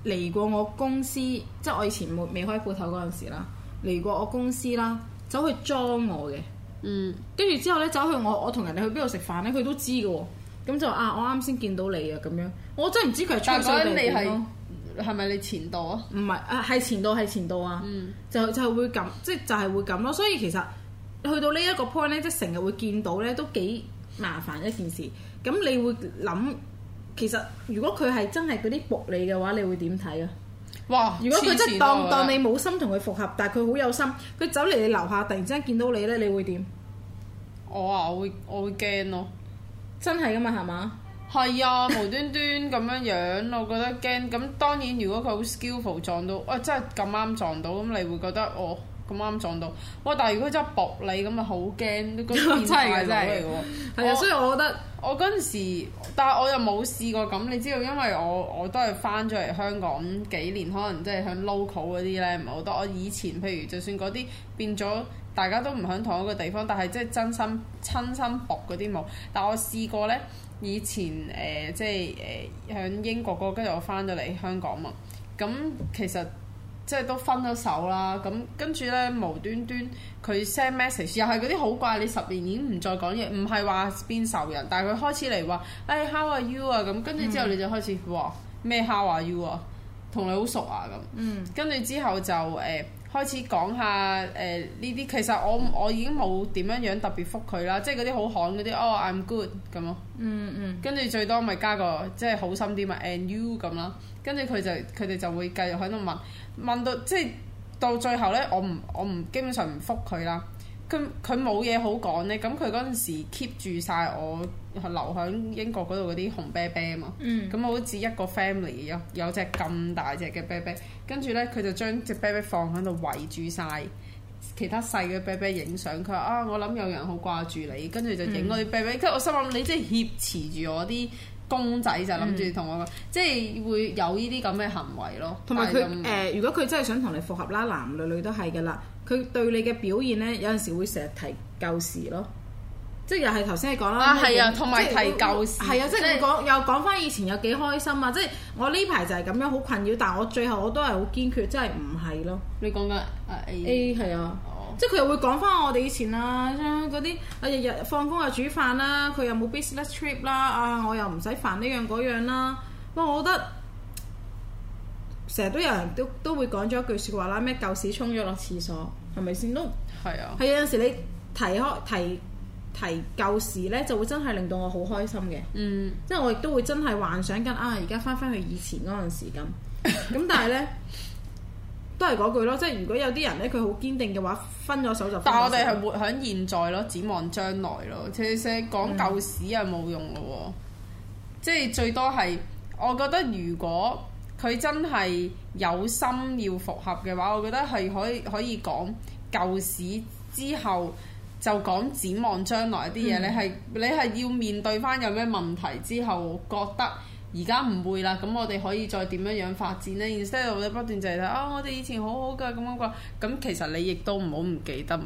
嚟過我公司，即係我以前未開鋪頭嗰陣時啦，嚟過我公司啦，走去裝我嘅。嗯，跟住之後咧，走去我我同人哋去邊度食飯咧，佢都知嘅喎、哦，咁就啊，我啱先見到你啊，咁樣，我真係唔知佢吹水定咩，係咪你前度啊？唔係啊，係前度係前度啊，就會就係、會咁，即係就係會咁咯。所以其實去到呢一個 point 咧，即係成日會見到咧，都幾麻煩一件事。咁你會諗，其實如果佢係真係嗰啲薄你嘅話，你會點睇啊？哇！嘩如果佢真係當覺當你冇心同佢復合，但係佢好有心，佢走嚟你樓下，突然之間見到你咧，你會點？我啊，我會我會驚咯、啊！真係噶嘛，係嘛？係啊，無端端咁樣樣， 我覺得驚。咁當然，如果佢好 skillful 撞到，哇、哎！真係咁啱撞到，咁你會覺得我。哦咁啱撞到，哇！但係如果真係薄你，咁咪好驚，嗰啲變態 真係喎。係啊我，所以我覺得我嗰陣時，但係我又冇試過咁。你知道，因為我我都係翻咗嚟香港幾年，可能即係喺 local 嗰啲咧唔係好多。我以前譬如就算嗰啲變咗，大家都唔喺同一個地方，但係即係真心親身薄嗰啲冇。但我試過咧，以前誒即係誒喺英國嗰個，跟住我翻咗嚟香港嘛。咁其實。即係都分咗手啦，咁跟住咧無端端佢 send message 又係嗰啲好怪你十年已經唔再講嘢，唔係話變仇人，但係佢開始嚟話誒 how are you 啊咁，跟、嗯、住、嗯、之後你就開始話咩 how are you 啊，同你好熟啊咁，跟住、嗯、之後就誒、呃、開始講下誒呢啲其實我我已經冇點樣樣特別覆佢啦，即係嗰啲好寒嗰啲哦 I'm good 咁咯、嗯，嗯嗯，跟住最多咪加個即係好心啲咪 and you 咁啦，跟住佢就佢哋就會繼續喺度問。問到即係到最後咧，我唔我唔基本上唔覆佢啦。佢佢冇嘢好講咧。咁佢嗰陣時 keep 住晒我留喺英國嗰度嗰啲熊啤啤 a r b 嘛。咁我、嗯、好似一個 family 有有一隻咁大隻嘅啤啤。跟住咧佢就將隻啤啤放喺度圍住晒其他細嘅啤啤，影相。佢話啊，我諗有人好掛住你，跟住就影嗰啲啤啤。跟住、嗯、我心諗你即係挾持住我啲公仔就諗住同我講，即係會有呢啲咁嘅行為咯。同埋佢誒，如果佢真係想同你復合啦，男女女都係嘅啦。佢對你嘅表現咧，有陣時會成日提舊事咯，即係又係頭先你講啦。啊，係啊，同埋提舊事係啊，即係你講又講翻以前有幾開心啊！即係我呢排就係咁樣好困擾，但係我最後我都係好堅決，即係唔係咯？你講緊 A A 係啊。即係佢又會講翻我哋以前啊，嗰啲啊日日放工啊、煮飯啦，佢又冇 business trip 啦、啊，啊我又唔使煩呢樣嗰樣啦。哇！我覺得成日都有人都都會講咗一句説話啦、啊，咩舊時沖咗落廁所係咪先都係啊？係有陣時你提開提提舊時咧，就會真係令到我好開心嘅。嗯，即係我亦都會真係幻想緊啊！而家翻翻去以前嗰陣時咁咁， 但係咧。 都係嗰句咯，即係如果有啲人咧，佢好堅定嘅話，分咗手就分咗手。但我哋係活喺現在咯，展望將來咯，即係講舊史又冇用咯喎。嗯、即係最多係，我覺得如果佢真係有心要復合嘅話，我覺得係可以可以講舊史之後就講展望將來一啲嘢。你係你係要面對翻有咩問題之後覺得。而家唔會啦，咁我哋可以再點樣樣發展呢？instead 呢不斷就係睇啊，我哋以前好好噶咁樣講，咁其實你亦都唔好唔記得，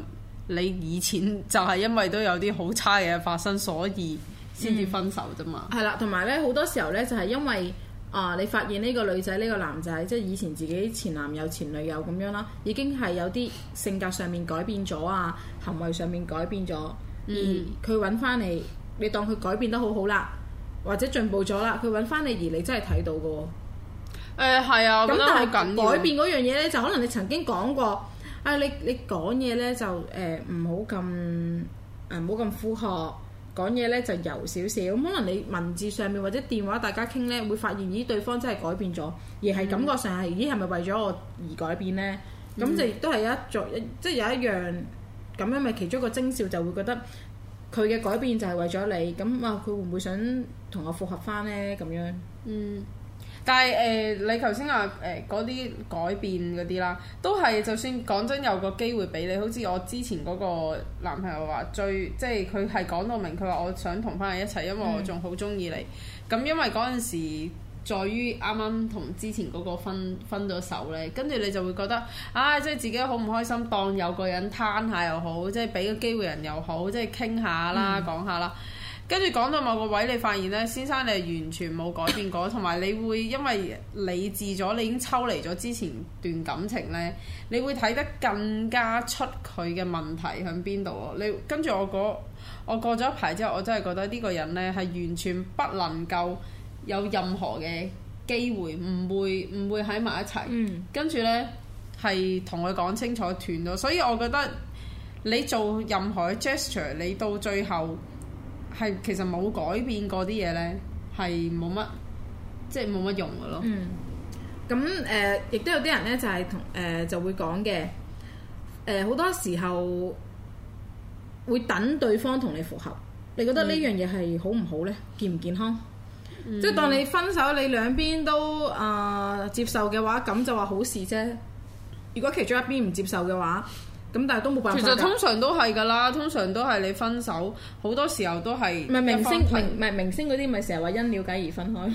你以前就係因為都有啲好差嘅發生，所以先至分手啫嘛。係啦、嗯，同、嗯、埋呢，好多時候呢，就係、是、因為啊、呃，你發現呢個女仔、呢、呢個男仔，即係以前自己前男友、前女友咁樣啦，已經係有啲性格上面改變咗啊，行為上面改變咗，嗯、而佢揾翻你，你當佢改變得好好啦。或者進步咗啦，佢揾翻你而你真係睇到㗎喎。係、欸、啊，咁但係改變嗰樣嘢呢，就可能你曾經講過，啊你你講嘢呢就誒唔好咁誒唔好咁呼喝，講、呃、嘢、啊、呢就柔少少。咁可能你文字上面或者電話大家傾呢，會發現咦對方真係改變咗，而係感覺上係、嗯、咦係咪為咗我而改變呢？咁、嗯、就亦都係一做即係有一樣咁樣咪其中一個徵兆就會覺得。佢嘅改變就係為咗你，咁啊佢會唔會想同我復合翻呢？咁樣嗯但，但係誒，你頭先話誒嗰啲改變嗰啲啦，都係就算講真有個機會俾你，好似我之前嗰個男朋友話最，即係佢係講到明，佢話我想同翻你一齊，因為我仲好中意你，咁、嗯、因為嗰陣時。在於啱啱同之前嗰個分分咗手呢，跟住你就會覺得，唉、啊，即係自己好唔開心。當有個人攤下又好，即係俾個機會人又好，即係傾下啦，講下啦。跟住講到某個位，你發現呢先生你係完全冇改變過，同埋 你會因為理智咗，你已經抽離咗之前段感情呢，你會睇得更加出佢嘅問題響邊度。你跟住我我過咗一排之後，我真係覺得呢個人呢係完全不能夠。有任何嘅機會，唔會唔會喺埋一齊，嗯、跟住呢，係同佢講清楚斷咗。所以我覺得你做任何 gesture，你到最後係其實冇改變過啲嘢呢，係冇乜即係冇乜用嘅咯。咁誒、嗯，亦、呃、都有啲人呢，就係、是、同誒、呃、就會講嘅，誒、呃、好多時候會等對方同你復合。你覺得呢樣嘢係好唔好呢？健唔健康？嗯、即係當你分手，你兩邊都啊、呃、接受嘅話，咁就話好事啫。如果其中一邊唔接受嘅話，咁但係都冇辦法。其實通常都係㗎啦，通常都係你分手好多時候都係唔係明星明唔係明、明星嗰啲咪成日話因了解而分開。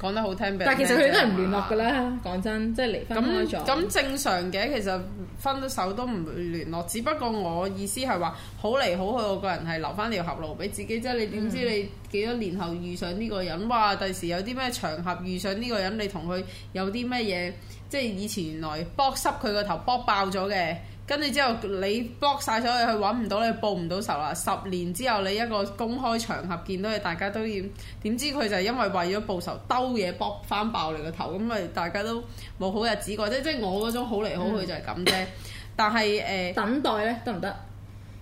講得好聽，但其實佢哋都係唔聯絡㗎啦。講、啊、真，即、就、係、是、離婚分開咗。咁咁、嗯嗯嗯、正常嘅，其實分咗手都唔聯絡。只不過我意思係話，好嚟好去，我個人係留翻條合路俾自己啫。即你點知你幾多年後遇上呢個人？哇！第時有啲咩場合遇上呢個人，你同佢有啲咩嘢？即係以前原來剝濕佢個頭剝爆咗嘅。跟住之後，你搏晒所有，佢揾唔到你報唔到仇啦。十年之後，你一個公開場合見到你，大家都要點知佢就係因為為咗報仇，兜嘢搏翻爆你個頭，咁咪大家都冇好日子過啫。嗯、即係我嗰種好嚟好去就係咁啫。但係誒，呃、等待呢，得唔得？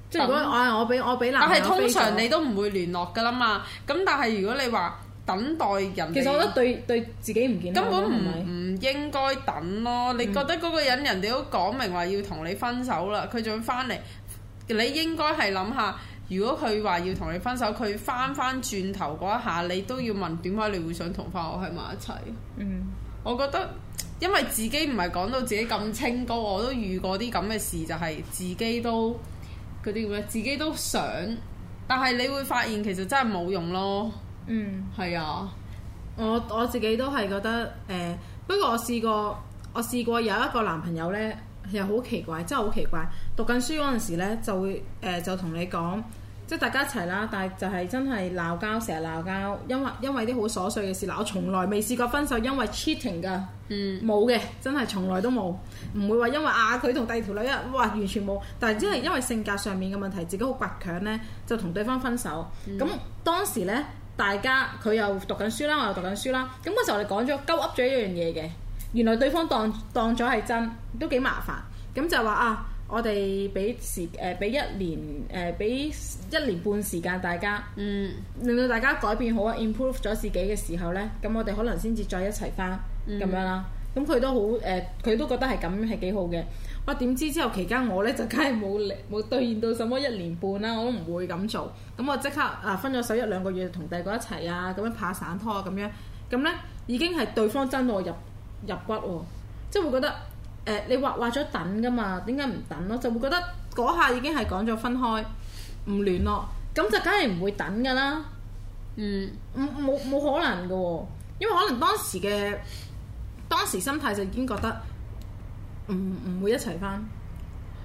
即係等如果我係我俾我俾男友飛咗，但係通常你都唔會聯絡㗎啦嘛。咁但係如果你話，等待人，其實我覺得對對自己唔健康。根本唔唔應該等咯！嗯、你覺得嗰個人人哋都講明話要同你分手啦，佢仲要翻嚟，你應該係諗下，如果佢話要同你分手，佢翻翻轉頭嗰一下，你都要問點解你會想同翻我喺埋一齊？嗯，我覺得因為自己唔係講到自己咁清高，我都遇過啲咁嘅事，就係、是、自己都嗰啲咁樣，自己都想，但係你會發現其實真係冇用咯。嗯，係啊，我我自己都係覺得誒、呃，不過我試過，我試過有一個男朋友呢，又好奇怪，真係好奇怪。讀緊書嗰陣時呢，就會誒、呃、就同你講，即係大家一齊啦，但係就係真係鬧交，成日鬧交，因為因為啲好瑣碎嘅事。嗱，我從來未試過分手，因為 cheating 噶，嗯，冇嘅，真係從來都冇，唔會話因為啊佢同第二條女一，哇，完全冇。但係只係因為性格上面嘅問題，自己好倔強呢，就同對方分手。咁、嗯、當時呢。大家佢又讀緊書啦，我又讀緊書啦。咁嗰時我哋講咗勾噏咗一樣嘢嘅，原來對方當當咗係真，都幾麻煩。咁就話啊，我哋俾時誒俾、呃、一年誒俾、呃、一年半時間大家，嗯，令到大家改變好啊，improve 咗自己嘅時候咧，咁我哋可能先至再一齊返咁樣啦。咁佢都好誒，佢、呃、都覺得係咁係幾好嘅。我點知之後期間我呢，我咧就梗係冇嚟，冇兌現到什麼一年半啦、啊，我都唔會咁做。咁我即刻啊分咗手一兩個月，同第二個一齊啊，咁樣拍散拖啊，咁樣咁咧已經係對方真我入入骨喎、啊，即係會覺得誒、呃、你話話咗等噶嘛，點解唔等咯、啊？就會覺得嗰下已經係講咗分開唔聯絡，咁就梗係唔會等噶啦。嗯，冇冇可能噶、啊，因為可能當時嘅當時心態就已經覺得。唔唔、嗯嗯、會一齊翻，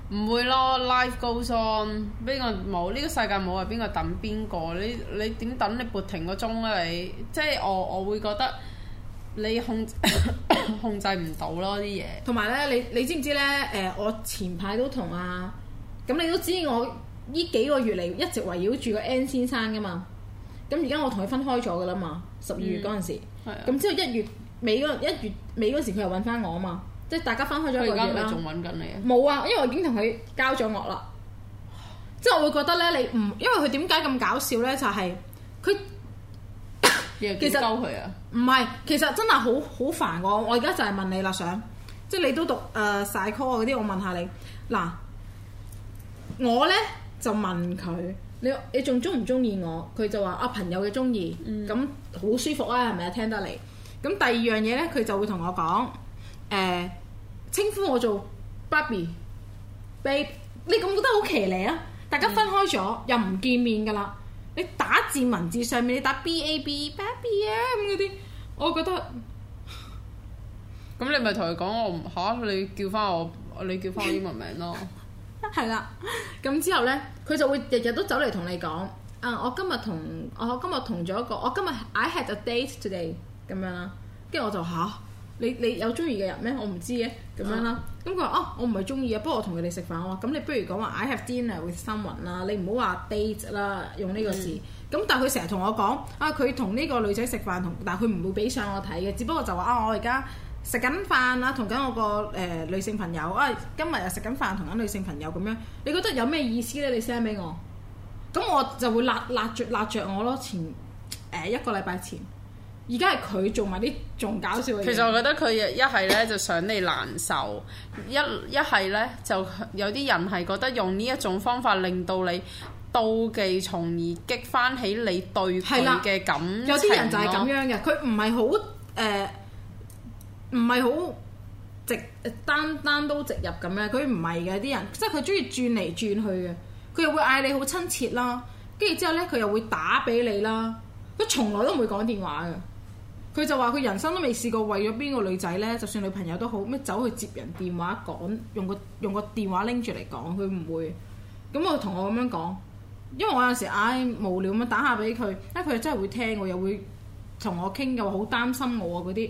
唔會咯。Life goes on。邊個冇呢個世界冇，係邊個等邊個？你你點等？你撥停個鐘咧？你即係我，我會覺得你控制 控制唔到咯啲嘢。同埋咧，你你知唔知咧？誒、呃，我前排都同啊，咁，你都知我呢幾個月嚟一直圍繞住個 N 先生噶嘛。咁而家我同佢分開咗噶啦嘛。十二月嗰陣時，咁、嗯、之後一月尾嗰一月尾嗰時，佢又揾翻我啊嘛。即係大家分開咗一個月啦，佢仲搵緊你？冇啊！因為我已經同佢交咗惡啦。 即係我會覺得咧，你唔因為佢點解咁搞笑咧？就係、是、佢 其實佢啊，唔係 其實真係好好煩我。我而家就係問你啦，想即係你都讀誒曬、呃、call 嗰啲，我問下你嗱。我咧就問佢，你你仲中唔中意我？佢就話啊，朋友嘅中意咁好舒服啊，係咪啊聽得嚟？咁第二樣嘢咧，佢就會同我講誒。呃稱呼我做 b a b b y b a b y 你咁覺得好騎呢啊？大家分開咗、嗯、又唔見面噶啦，你打字文字上面你打 B A B baby 啊咁嗰啲，我覺得咁你咪同佢講我唔嚇，你叫翻我，你叫翻我英文名咯、啊，係啦、 啊。咁、嗯、之後咧，佢就會日日都走嚟同你講，啊、uh, 我今日同我今日同咗一個，我今日 I had a date today 咁樣啦，跟住我就嚇。你你有中意嘅人咩？我唔知嘅咁樣啦。咁佢話：哦、啊，我唔係中意啊。不過我同佢哋食飯，咁你不如講話 I have dinner with someone 啦。你唔好話 date 啦，用呢個字。咁但係佢成日同我講啊，佢同呢個女仔食飯同，但係佢唔會俾相我睇嘅，只不過就話啊，我而家食緊飯啦，同緊我個誒、呃、女性朋友啊，今日又食緊飯同緊女性朋友咁樣。你覺得有咩意思咧？你 send 俾我，咁我就會辣辣著辣著我咯。前誒、呃、一個禮拜前。而家係佢做埋啲仲搞笑嘅嘢。其實我覺得佢一係咧就想你難受，一一係咧就有啲人係覺得用呢一種方法令到你妒忌，從而激翻起你對佢嘅感覺。有啲人就係咁樣嘅，佢唔係好誒，唔係好直、呃、單單都直入咁樣。佢唔係嘅啲人，即係佢中意轉嚟轉去嘅。佢又會嗌你好親切啦，跟住之後咧佢又會打俾你啦。佢從來都唔會講電話嘅。佢就話：佢人生都未試過為咗邊個女仔呢？就算女朋友都好，咩走去接人電話講，用個用個電話拎住嚟講，佢唔會。咁我同我咁樣講，因為我有時唉無聊咁打下俾佢，佢又真係會聽我，又會同我傾，又話好擔心我嗰啲。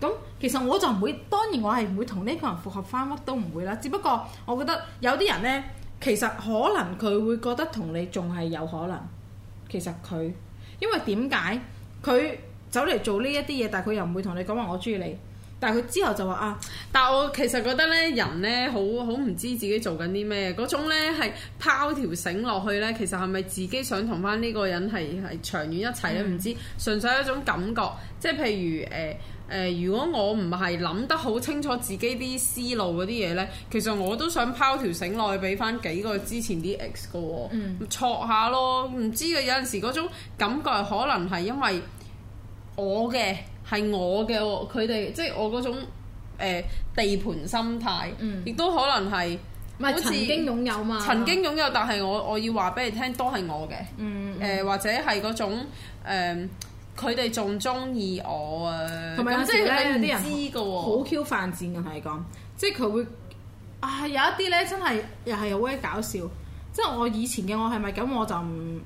咁其實我就唔會，當然我係唔會同呢個人復合翻乜都唔會啦。只不過我覺得有啲人呢，其實可能佢會覺得同你仲係有可能。其實佢，因為點解佢走嚟做呢一啲嘢，但係佢又唔會同你講話我中意你。但係佢之後就話啊，但係我其實覺得咧，人咧好好唔知自己做緊啲咩嗰種咧係拋條繩落去咧，其實係咪自己想同翻呢個人係係長遠一齊咧？唔、嗯、知純粹係一種感覺，即係譬如誒誒、呃呃，如果我唔係諗得好清楚自己啲思路嗰啲嘢咧，其實我都想拋條繩落去俾翻幾個之前啲 ex 嘅，嗯，錯、嗯、下咯，唔知佢有陣時嗰種感覺可能係因為。我嘅係我嘅喎，佢哋即係我嗰種、呃、地盤心態，亦、嗯、都可能係唔係好似曾經擁有嘛。曾經擁有，但係我我要話俾你聽，都係我嘅。誒、嗯嗯呃、或者係嗰種佢哋仲中意我啊。同埋有時咧，知有啲人好 Q 犯賤嘅，係講即係佢會啊，有一啲咧真係又係好鬼搞笑。即係我以前嘅我係咪咁？我就唔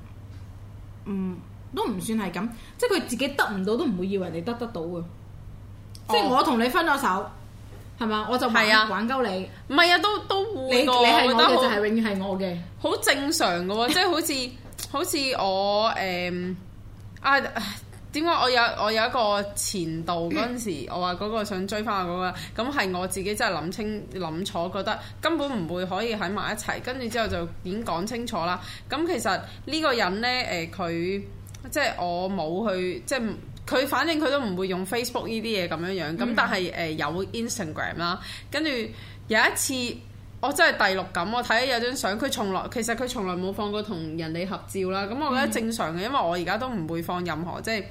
唔。都唔算係咁，即係佢自己得唔到，都唔會以為你得得到嘅。即係我同你分咗手，係嘛，oh？我就玩玩鳩你，唔係啊，啊，都都會你。你你係我嘅就係永遠係我嘅，好正常嘅。即係好似好似我誒、嗯、啊點解我有我有一個前度嗰陣時， 我話嗰個想追翻我嗰個咁，係我自己真係諗清諗楚，覺得根本唔會可以喺埋一齊。跟住之後就已經講清楚啦。咁其實呢個人呢，誒、呃、佢。即係我冇去，即係佢反正佢都唔會用 Facebook 呢啲嘢咁樣樣，咁、嗯、但係誒有 Instagram 啦，跟住有一次我真係第六感，我睇咗有張相，佢從來其實佢從來冇放過同人哋合照啦，咁我覺得正常嘅，嗯、因為我而家都唔會放任何即係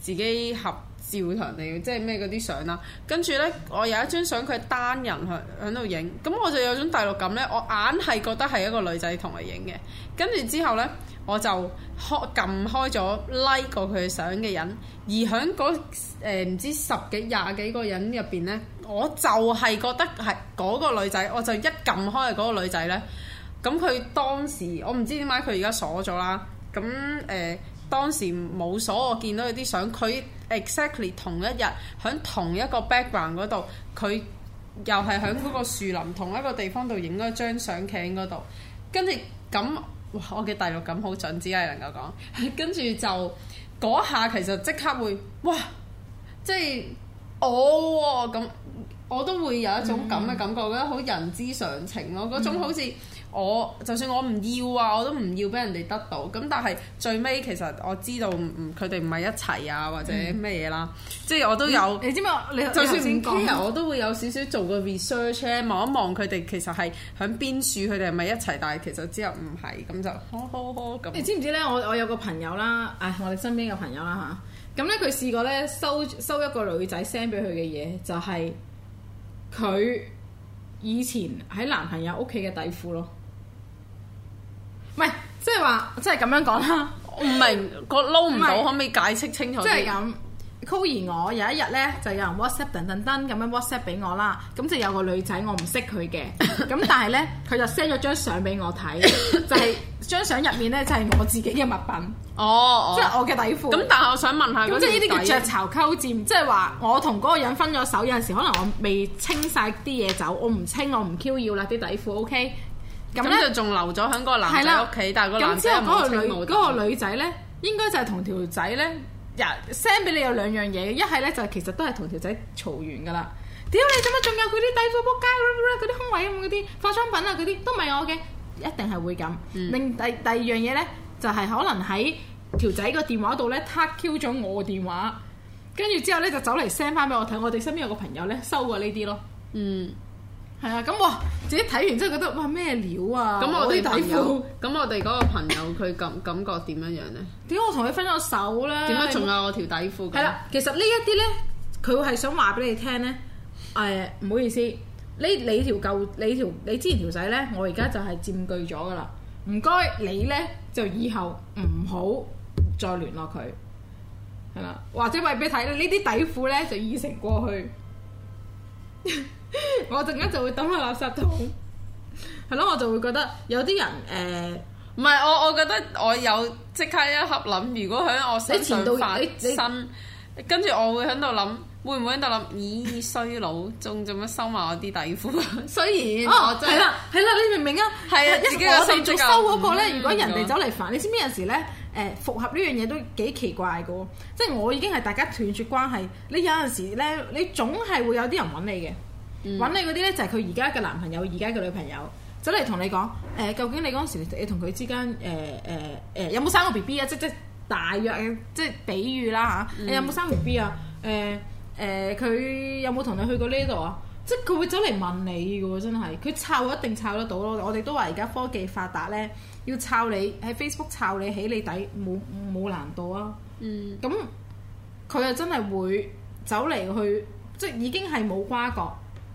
自己合照堂地即係咩嗰啲相啦，跟住呢，我有一張相，佢單人響響度影，咁我就有種第六感呢，我硬係覺得係一個女仔同佢影嘅。跟住之後呢，我就開撳開咗拉 i k e 過佢相嘅人，而響嗰唔知十幾廿幾個人入邊呢，我就係覺得係嗰個女仔，我就一撳開嗰個女仔呢，咁佢當時我唔知點解佢而家鎖咗啦。咁誒、呃、當時冇鎖，我見到佢啲相佢。Exactly, 同一日喺同一個 background 嗰度，佢又係喺嗰個樹林同一個地方度影咗張相，企喺嗰度，跟住咁哇！我嘅第六感好準，只係能夠講，跟住就嗰下其實即刻會哇！即係哦咁、哦，我都會有一種咁嘅感覺，嗯、覺得好人之常情咯，嗰種好似。嗯我就算我唔要啊，我都唔要俾人哋得到。咁但係最尾其實我知道唔佢哋唔係一齊啊，或者咩嘢啦。嗯、即係我都有。嗯、你知唔知？就算唔講， 我都會有少少做個 research 望一望佢哋其實係響邊處，佢哋係咪一齊？但係其實之後唔係，咁就呵呵呵。好好咁。你知唔知呢？我我有個朋友啦，唉，我哋身邊嘅朋友啦吓，咁、啊、呢，佢試過呢，收收一個女仔 send 俾佢嘅嘢，就係、係、佢以前喺男朋友屋企嘅底褲咯。即係話，即係咁樣講啦。我唔明個撈唔到，可唔可以解釋清楚啲？即係咁溝兒我有一日呢，就有人 WhatsApp 噔噔噔咁樣 WhatsApp 俾我啦。咁就有個女仔，我唔識佢嘅。咁但係呢，佢就 send 咗張相俾我睇，就係張相入面呢，就係我自己嘅物品。哦，即係我嘅底褲。咁但係我想問下，咁即係呢啲叫鵲巢鳩佔？即係話我同嗰個人分咗手，有陣時可能我未清晒啲嘢走，我唔清，我唔 Q 要啦啲底褲，OK？咁就仲留咗喺嗰個男仔屋企，了但係個男仔又咁，之後嗰個女嗰女仔咧，應該就係同條仔咧，又 send 俾你有兩樣嘢，一係咧就係其實都係同條仔嘈完㗎啦。屌你、嗯，點解仲有佢啲底褲撲街嗰啲、嗰啲胸圍咁啲化妝品啊嗰啲都唔係我嘅，一定係會咁。嗯、另第第二樣嘢咧，就係、是、可能喺條仔個電話度咧 cut call 咗我個電話，跟住之後咧就走嚟 send 翻俾我睇。我哋身邊有個朋友咧收過呢啲咯。嗯。係啊，咁我自己睇完之後覺得哇咩料啊！我哋底褲，咁我哋嗰個朋友佢感感覺點樣樣呢？點解我同佢分咗手呢？點解仲有我條底褲？係啦、啊，其實呢一啲呢，佢係想話俾你聽呢。誒、哎、唔好意思，呢你條舊你條你，你之前條仔呢，我而家就係佔據咗噶啦，唔該你呢，就以後唔好再聯絡佢，係啦、啊，或者為俾你睇呢啲底褲呢，就已成過去。 我陣間就會抌喺垃圾桶，係咯，我就會覺得有啲人誒，唔、呃、係 我，我覺得我有即刻一盒諗，如果喺我死前上發生，跟住我會喺度諗，會唔會喺度諗？咦，衰佬，仲做乜收埋我啲底褲？雖然，哦，係啦，係啦，你明唔明啊？係啊，一個性仲收嗰個咧，不明不明啊、如果人哋走嚟煩，你知唔知有時咧誒復合呢樣嘢都幾奇怪嘅，即係我已經係大家斷絕關係，你有陣時咧，你總係會有啲人揾你嘅。揾你嗰啲咧，就係佢而家嘅男朋友，而家嘅女朋友走嚟同你講誒、呃，究竟你嗰時你同佢之間誒誒誒有冇生過 B B 啊？即即大約即係比喻啦嚇、啊，你有冇生 B B 啊？誒誒、嗯，佢、呃呃、有冇同你去過呢度啊？即係佢會走嚟問你㗎喎，真係佢摷一定摷得到咯。我哋都話而家科技發達咧，要摷你喺 Facebook 摷你起你底冇冇難度啊？嗯，咁佢又真係會走嚟去，即已經係冇瓜葛。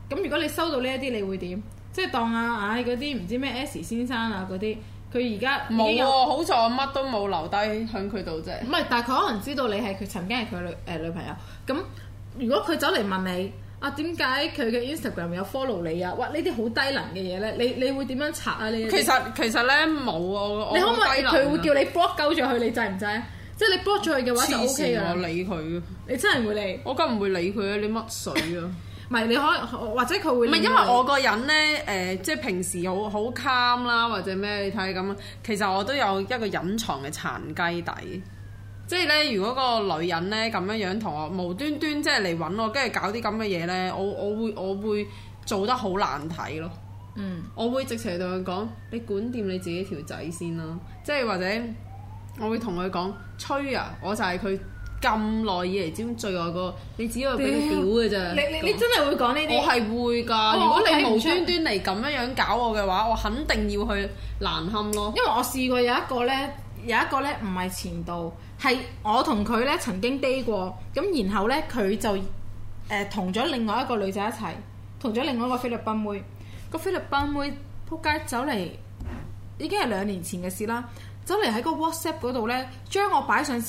咁如果你收到呢一啲，你會點？即係當啊，唉、啊，嗰啲唔知咩 S 先生啊嗰啲，佢、啊、而家冇喎。好彩我乜都冇留低喺佢度啫。唔係，但係佢可能知道你係佢曾經係佢女誒、呃、女朋友。咁如果佢走嚟問你啊，點解佢嘅 Instagram 有 follow 你啊？哇！呢啲好低能嘅嘢咧，你你會點樣查啊？你其實其實咧冇啊，你可唔可以佢、啊、會叫你 block 鳩咗佢？你制唔制啊？即係你 block 咗佢嘅話就 O K 啦。黐線，我理佢嘅。你真係會理？我梗唔會理佢啦！你乜水啊？ 唔係，你可以或者佢會唔係因為我個人呢，誒、呃，即係平時好好 calm 啦，或者咩？你睇咁，其實我都有一個隱藏嘅殘雞底。即係呢，如果個女人呢咁樣樣同我無端端即係嚟揾我，跟住搞啲咁嘅嘢呢，我我會我會做得好難睇咯。嗯，我會直情同佢講：你管掂你自己條仔先咯。即係或者我會同佢講：吹啊！我就係佢。咁耐以嚟之最愛個你只係俾佢屌嘅咋？你你你真係會講呢啲？我係會㗎。我我如果你無端端嚟咁樣樣搞我嘅話，我肯定要去難堪咯。因為我試過有一個呢，有一個呢唔係前度，係我同佢呢曾經 date 過，咁然後呢，佢就誒同咗另外一個女仔一齊，同咗另外一個菲律賓妹。個菲律賓妹撲街走嚟，已經係兩年前嘅事啦。走嚟喺個 WhatsApp 嗰度呢，將我擺上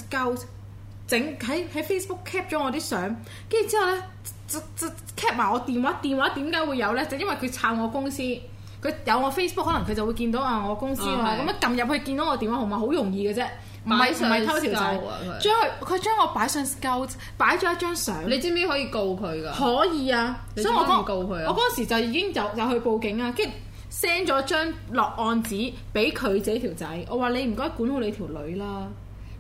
整喺喺 Facebook cap 咗我啲相，跟住之後咧就就 cap 埋我電話，電話點解會有咧？就因為佢撐我公司，佢有我 Facebook，可能佢就會見到啊我公司咁、哦、樣撳入去見到我電話號碼，好容易嘅啫。唔係偷條仔，將佢佢將我擺上 show，擺咗、啊、一張相。啊、你知唔知可以告佢㗎？可以啊，所以我告我我嗰時就已經就就去報警啊，跟住 send 咗張落案紙俾佢自己條仔，我話你唔該管好你條女啦。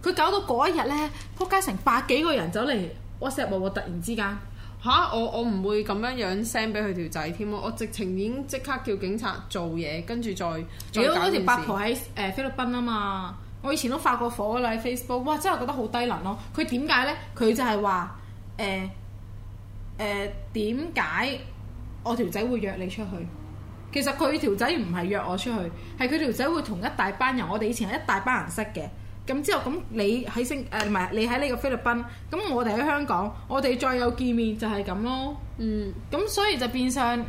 佢搞到嗰一日呢，仆街成百幾個人走嚟 WhatsApp 我，我突然之間吓，我我唔會咁樣樣 send 俾佢條仔添咯，我，我直情已經即刻叫警察做嘢，跟住再屌嗰條八婆喺誒菲律賓啊嘛，我以前都發過火啦 Facebook，哇真係覺得好低能咯、啊，佢點解呢？佢就係話誒誒點解我條仔會約你出去？其實佢條仔唔係約我出去，係佢條仔會同一大班人，我哋以前係一大班人識嘅。咁之後咁你喺星誒唔係你喺呢個菲律賓，咁我哋喺香港，我哋再有見面就係咁咯。嗯，咁所以就變相，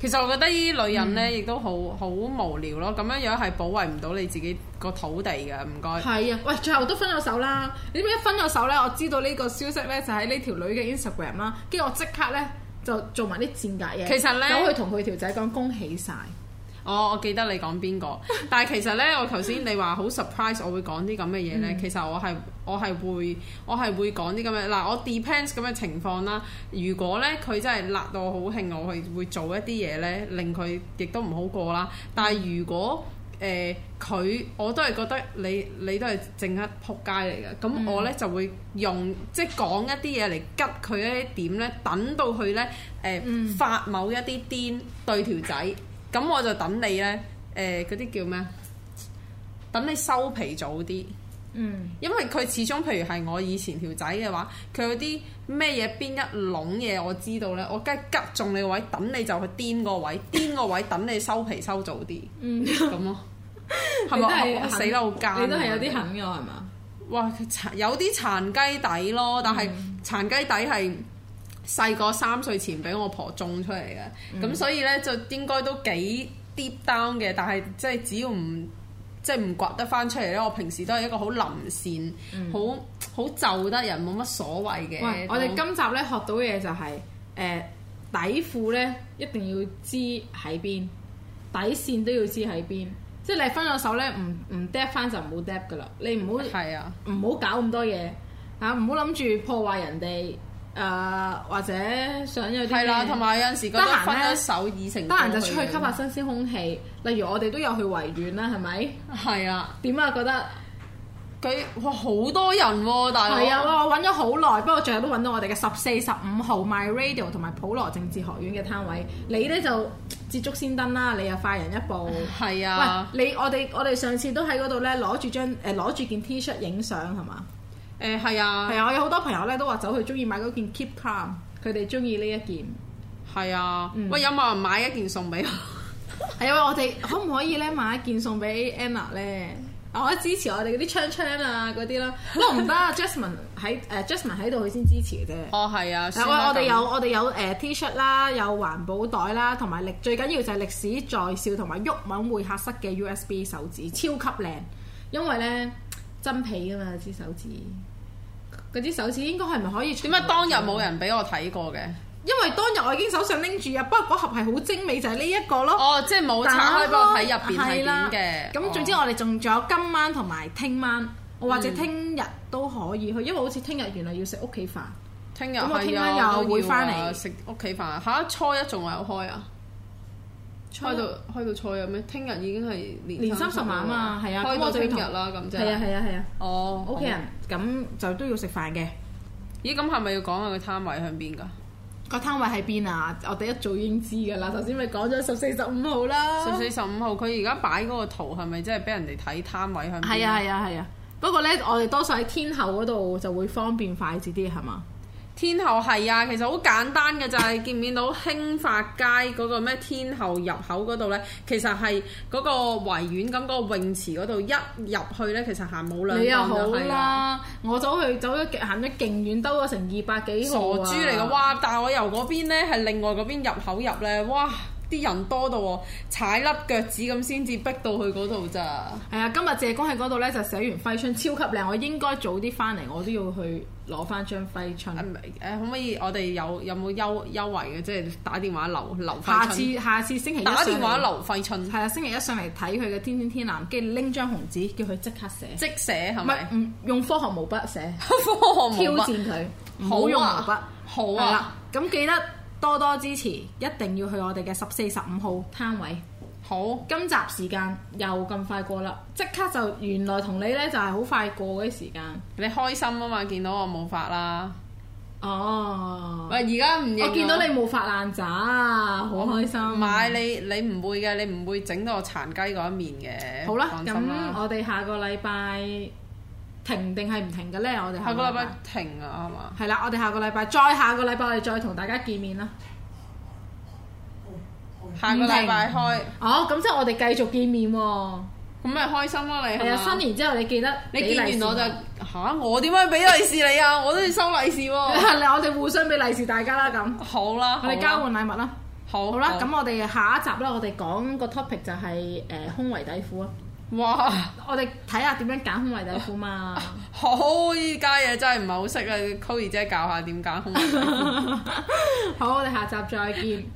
其實我覺得呢啲女人咧，亦、嗯、都好好無聊咯。咁樣樣係保衞唔到你自己個土地噶，唔該。係啊，喂，最後都分咗手啦。你點解一分咗手咧，我知道呢個消息咧，就喺、是、呢條女嘅 Instagram 啦。跟住我即刻咧就做埋啲賤格嘢，其實咧走去同佢條仔講恭喜晒！我、哦、我記得你講邊個，但係其實呢， 我頭先你話好 surprise 我會講啲咁嘅嘢呢，其實我係我係會我係會講啲咁嘅嗱，我 depends 咁嘅情況啦。如果呢，佢真係辣到好㷫，我去會做一啲嘢呢，令佢亦都唔好過啦。但係如果誒佢，呃，我都係覺得你你都係正一撲街嚟嘅，咁我呢就會用即係講一啲嘢嚟吉佢一啲點呢，等到佢呢誒，呃嗯、發某一啲癲對條仔。 咁我就等你呢，誒嗰啲叫咩等你收皮早啲，嗯，因為佢始終，譬如係我以前條仔嘅話，佢嗰啲咩嘢邊一籠嘢，我知道呢，我梗係吉中你個位，等你就去癲個位，癲個位，等你收皮收早啲，咁咯、嗯，係咪死得好奸啊？你都係有啲肯嘅係嘛？是是哇，殘有啲殘雞底咯，但係殘雞底係。嗯細個三歲前俾我婆種出嚟嘅，咁、嗯、所以呢，就應該都幾 deep down 嘅，但係即係只要唔即係唔掘得翻出嚟呢，我平時都係一個好林善、好好、嗯、就得人，冇乜所謂嘅。喂這樣 我哋今集呢，學到嘅嘢就係、是、誒、呃、底褲呢，一定要知喺邊，底線都要知喺邊，即係你分咗手呢，唔唔 debt 翻就唔好 debt 噶啦，你唔好唔好搞咁多嘢吓，唔好諗住破壞人哋。誒、uh, 或者想有啲係啦，同埋有陣時覺得閒咧，一手已成，得閒就出去吸下新鮮空氣。例如我哋都有去維園啦，係咪？係是啊。點啊？覺得佢哇好多人喎、啊，大佬。係啊，我揾咗好耐，不過最後都揾到我哋嘅十四十五號 MyRadio 同埋普羅政治學院嘅攤位。你咧就捷足先登啦，你又快人一步。係是啊。喂，你我哋我哋上次都喺嗰度咧，攞住張誒攞住件 T-shirt 影相係嘛？誒係、欸、啊，係 啊！我有好多朋友咧都話走去中意買嗰件 Keep calm，佢哋中意呢一件。係啊，嗯、喂有冇人買一件送俾我？係 啊，喂，我哋可唔可以咧買一件送俾 Anna 咧？ 我支持我哋嗰啲槍槍啊嗰啲啦，都唔得。Jasmine 喺誒、呃、Jasmine 喺度，佢先支持啫。哦，係啊，有啊！我哋有我哋有誒 T-shirt 啦，有環保袋啦，同埋歷最緊要就係歷史在線同埋毓民會客室嘅 USB 手指，超級靚，因為咧真皮啊嘛支手指。嗰啲手指應該係咪可以？點解當日冇人俾我睇過嘅？因為當日我已經手上拎住啊，不過嗰盒係好精美，就係呢一個咯。哦，即係冇拆開俾我睇入邊係點嘅。咁咯總之我哋仲仲有今晚同埋聽晚，哦、或者聽日都可以去，因為好似聽日原來要食屋企飯。聽日係啊，都要返嚟食屋企飯嚇，初一仲有開啊！開到開到菜有咩？聽日已經係年，年三十晚嘛，係啊，啊開到聽日啦，咁就係啊係啊係啊。啊啊哦，屋企人咁就都要食飯嘅。咦？咁係咪要講下個攤位喺邊㗎？個攤位喺邊啊？我哋一早已經知㗎啦。頭先咪講咗十四十五號啦。十四十五號，佢而家擺嗰個圖係咪即係俾人哋睇攤位喺邊？係啊係啊係啊。不過咧，我哋多數喺天后嗰度就會方便快捷啲，係嘛？天后係啊，其實好簡單嘅就係見唔見到興發街嗰個咩天后入口嗰度呢？其實係嗰個維園咁嗰個泳池嗰度一入去呢，其實行冇兩步就係啦。你又好啦，我走去走咗行咗勁遠，兜咗成二百幾號傻豬嚟嘅哇！但係我由嗰邊咧係另外嗰邊入口入呢。哇！啲人多到踩粒腳趾咁先至逼到去嗰度咋？係啊，今日謝工喺嗰度咧就寫完揮春，超級靚。我應該早啲翻嚟，我都要去攞翻張揮春。誒、啊啊，可唔可以我哋有有冇優優惠嘅？即係打電話留留揮春。下次下次星期一打電話留揮春。係啊，星期一上嚟睇佢嘅《天天天藍》，跟住拎張紅紙叫佢即刻寫。即寫係咪？唔用科學毛筆寫， 挑戰佢， 唔好、啊、用毛筆。好啊，咁、啊、記得。多多支持，一定要去我哋嘅十四十五號攤位。好，今集時間又咁快過啦，即刻就原來同你呢就係好快過嗰啲時間。你開心啊嘛，見到我冇發啦。哦，喂，而家唔我見到你冇發爛渣，好開心。唔係你你唔會嘅，你唔會整到我殘雞嗰一面嘅。好啦，咁我哋下個禮拜。停定係唔停嘅咧？我哋下，下個禮拜停啊，係嘛？係啦，我哋下個禮拜再下個禮拜我哋再同大家見面啦。下個禮拜開哦，咁、喔嗯、即係我哋繼續見面喎，咁咪開心咯、啊、你係啊！新年之後你見得你見完我就吓、係啊？我點解俾利是你啊？ 我都要收利是喎。係、哎、啦，我哋互相俾利是大家啦，咁好啦，我哋交換禮物啦。好啦，咁我哋下一集咧，我哋講個 topic 就係誒胸圍底褲啊。哇！我哋睇下點樣揀胸圍底褲嘛～好，依家嘢真係唔係好識啊！溝兒姐教下點揀胸圍底褲。好，我哋下集再見。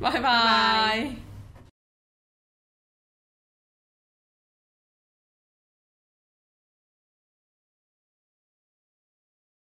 拜拜。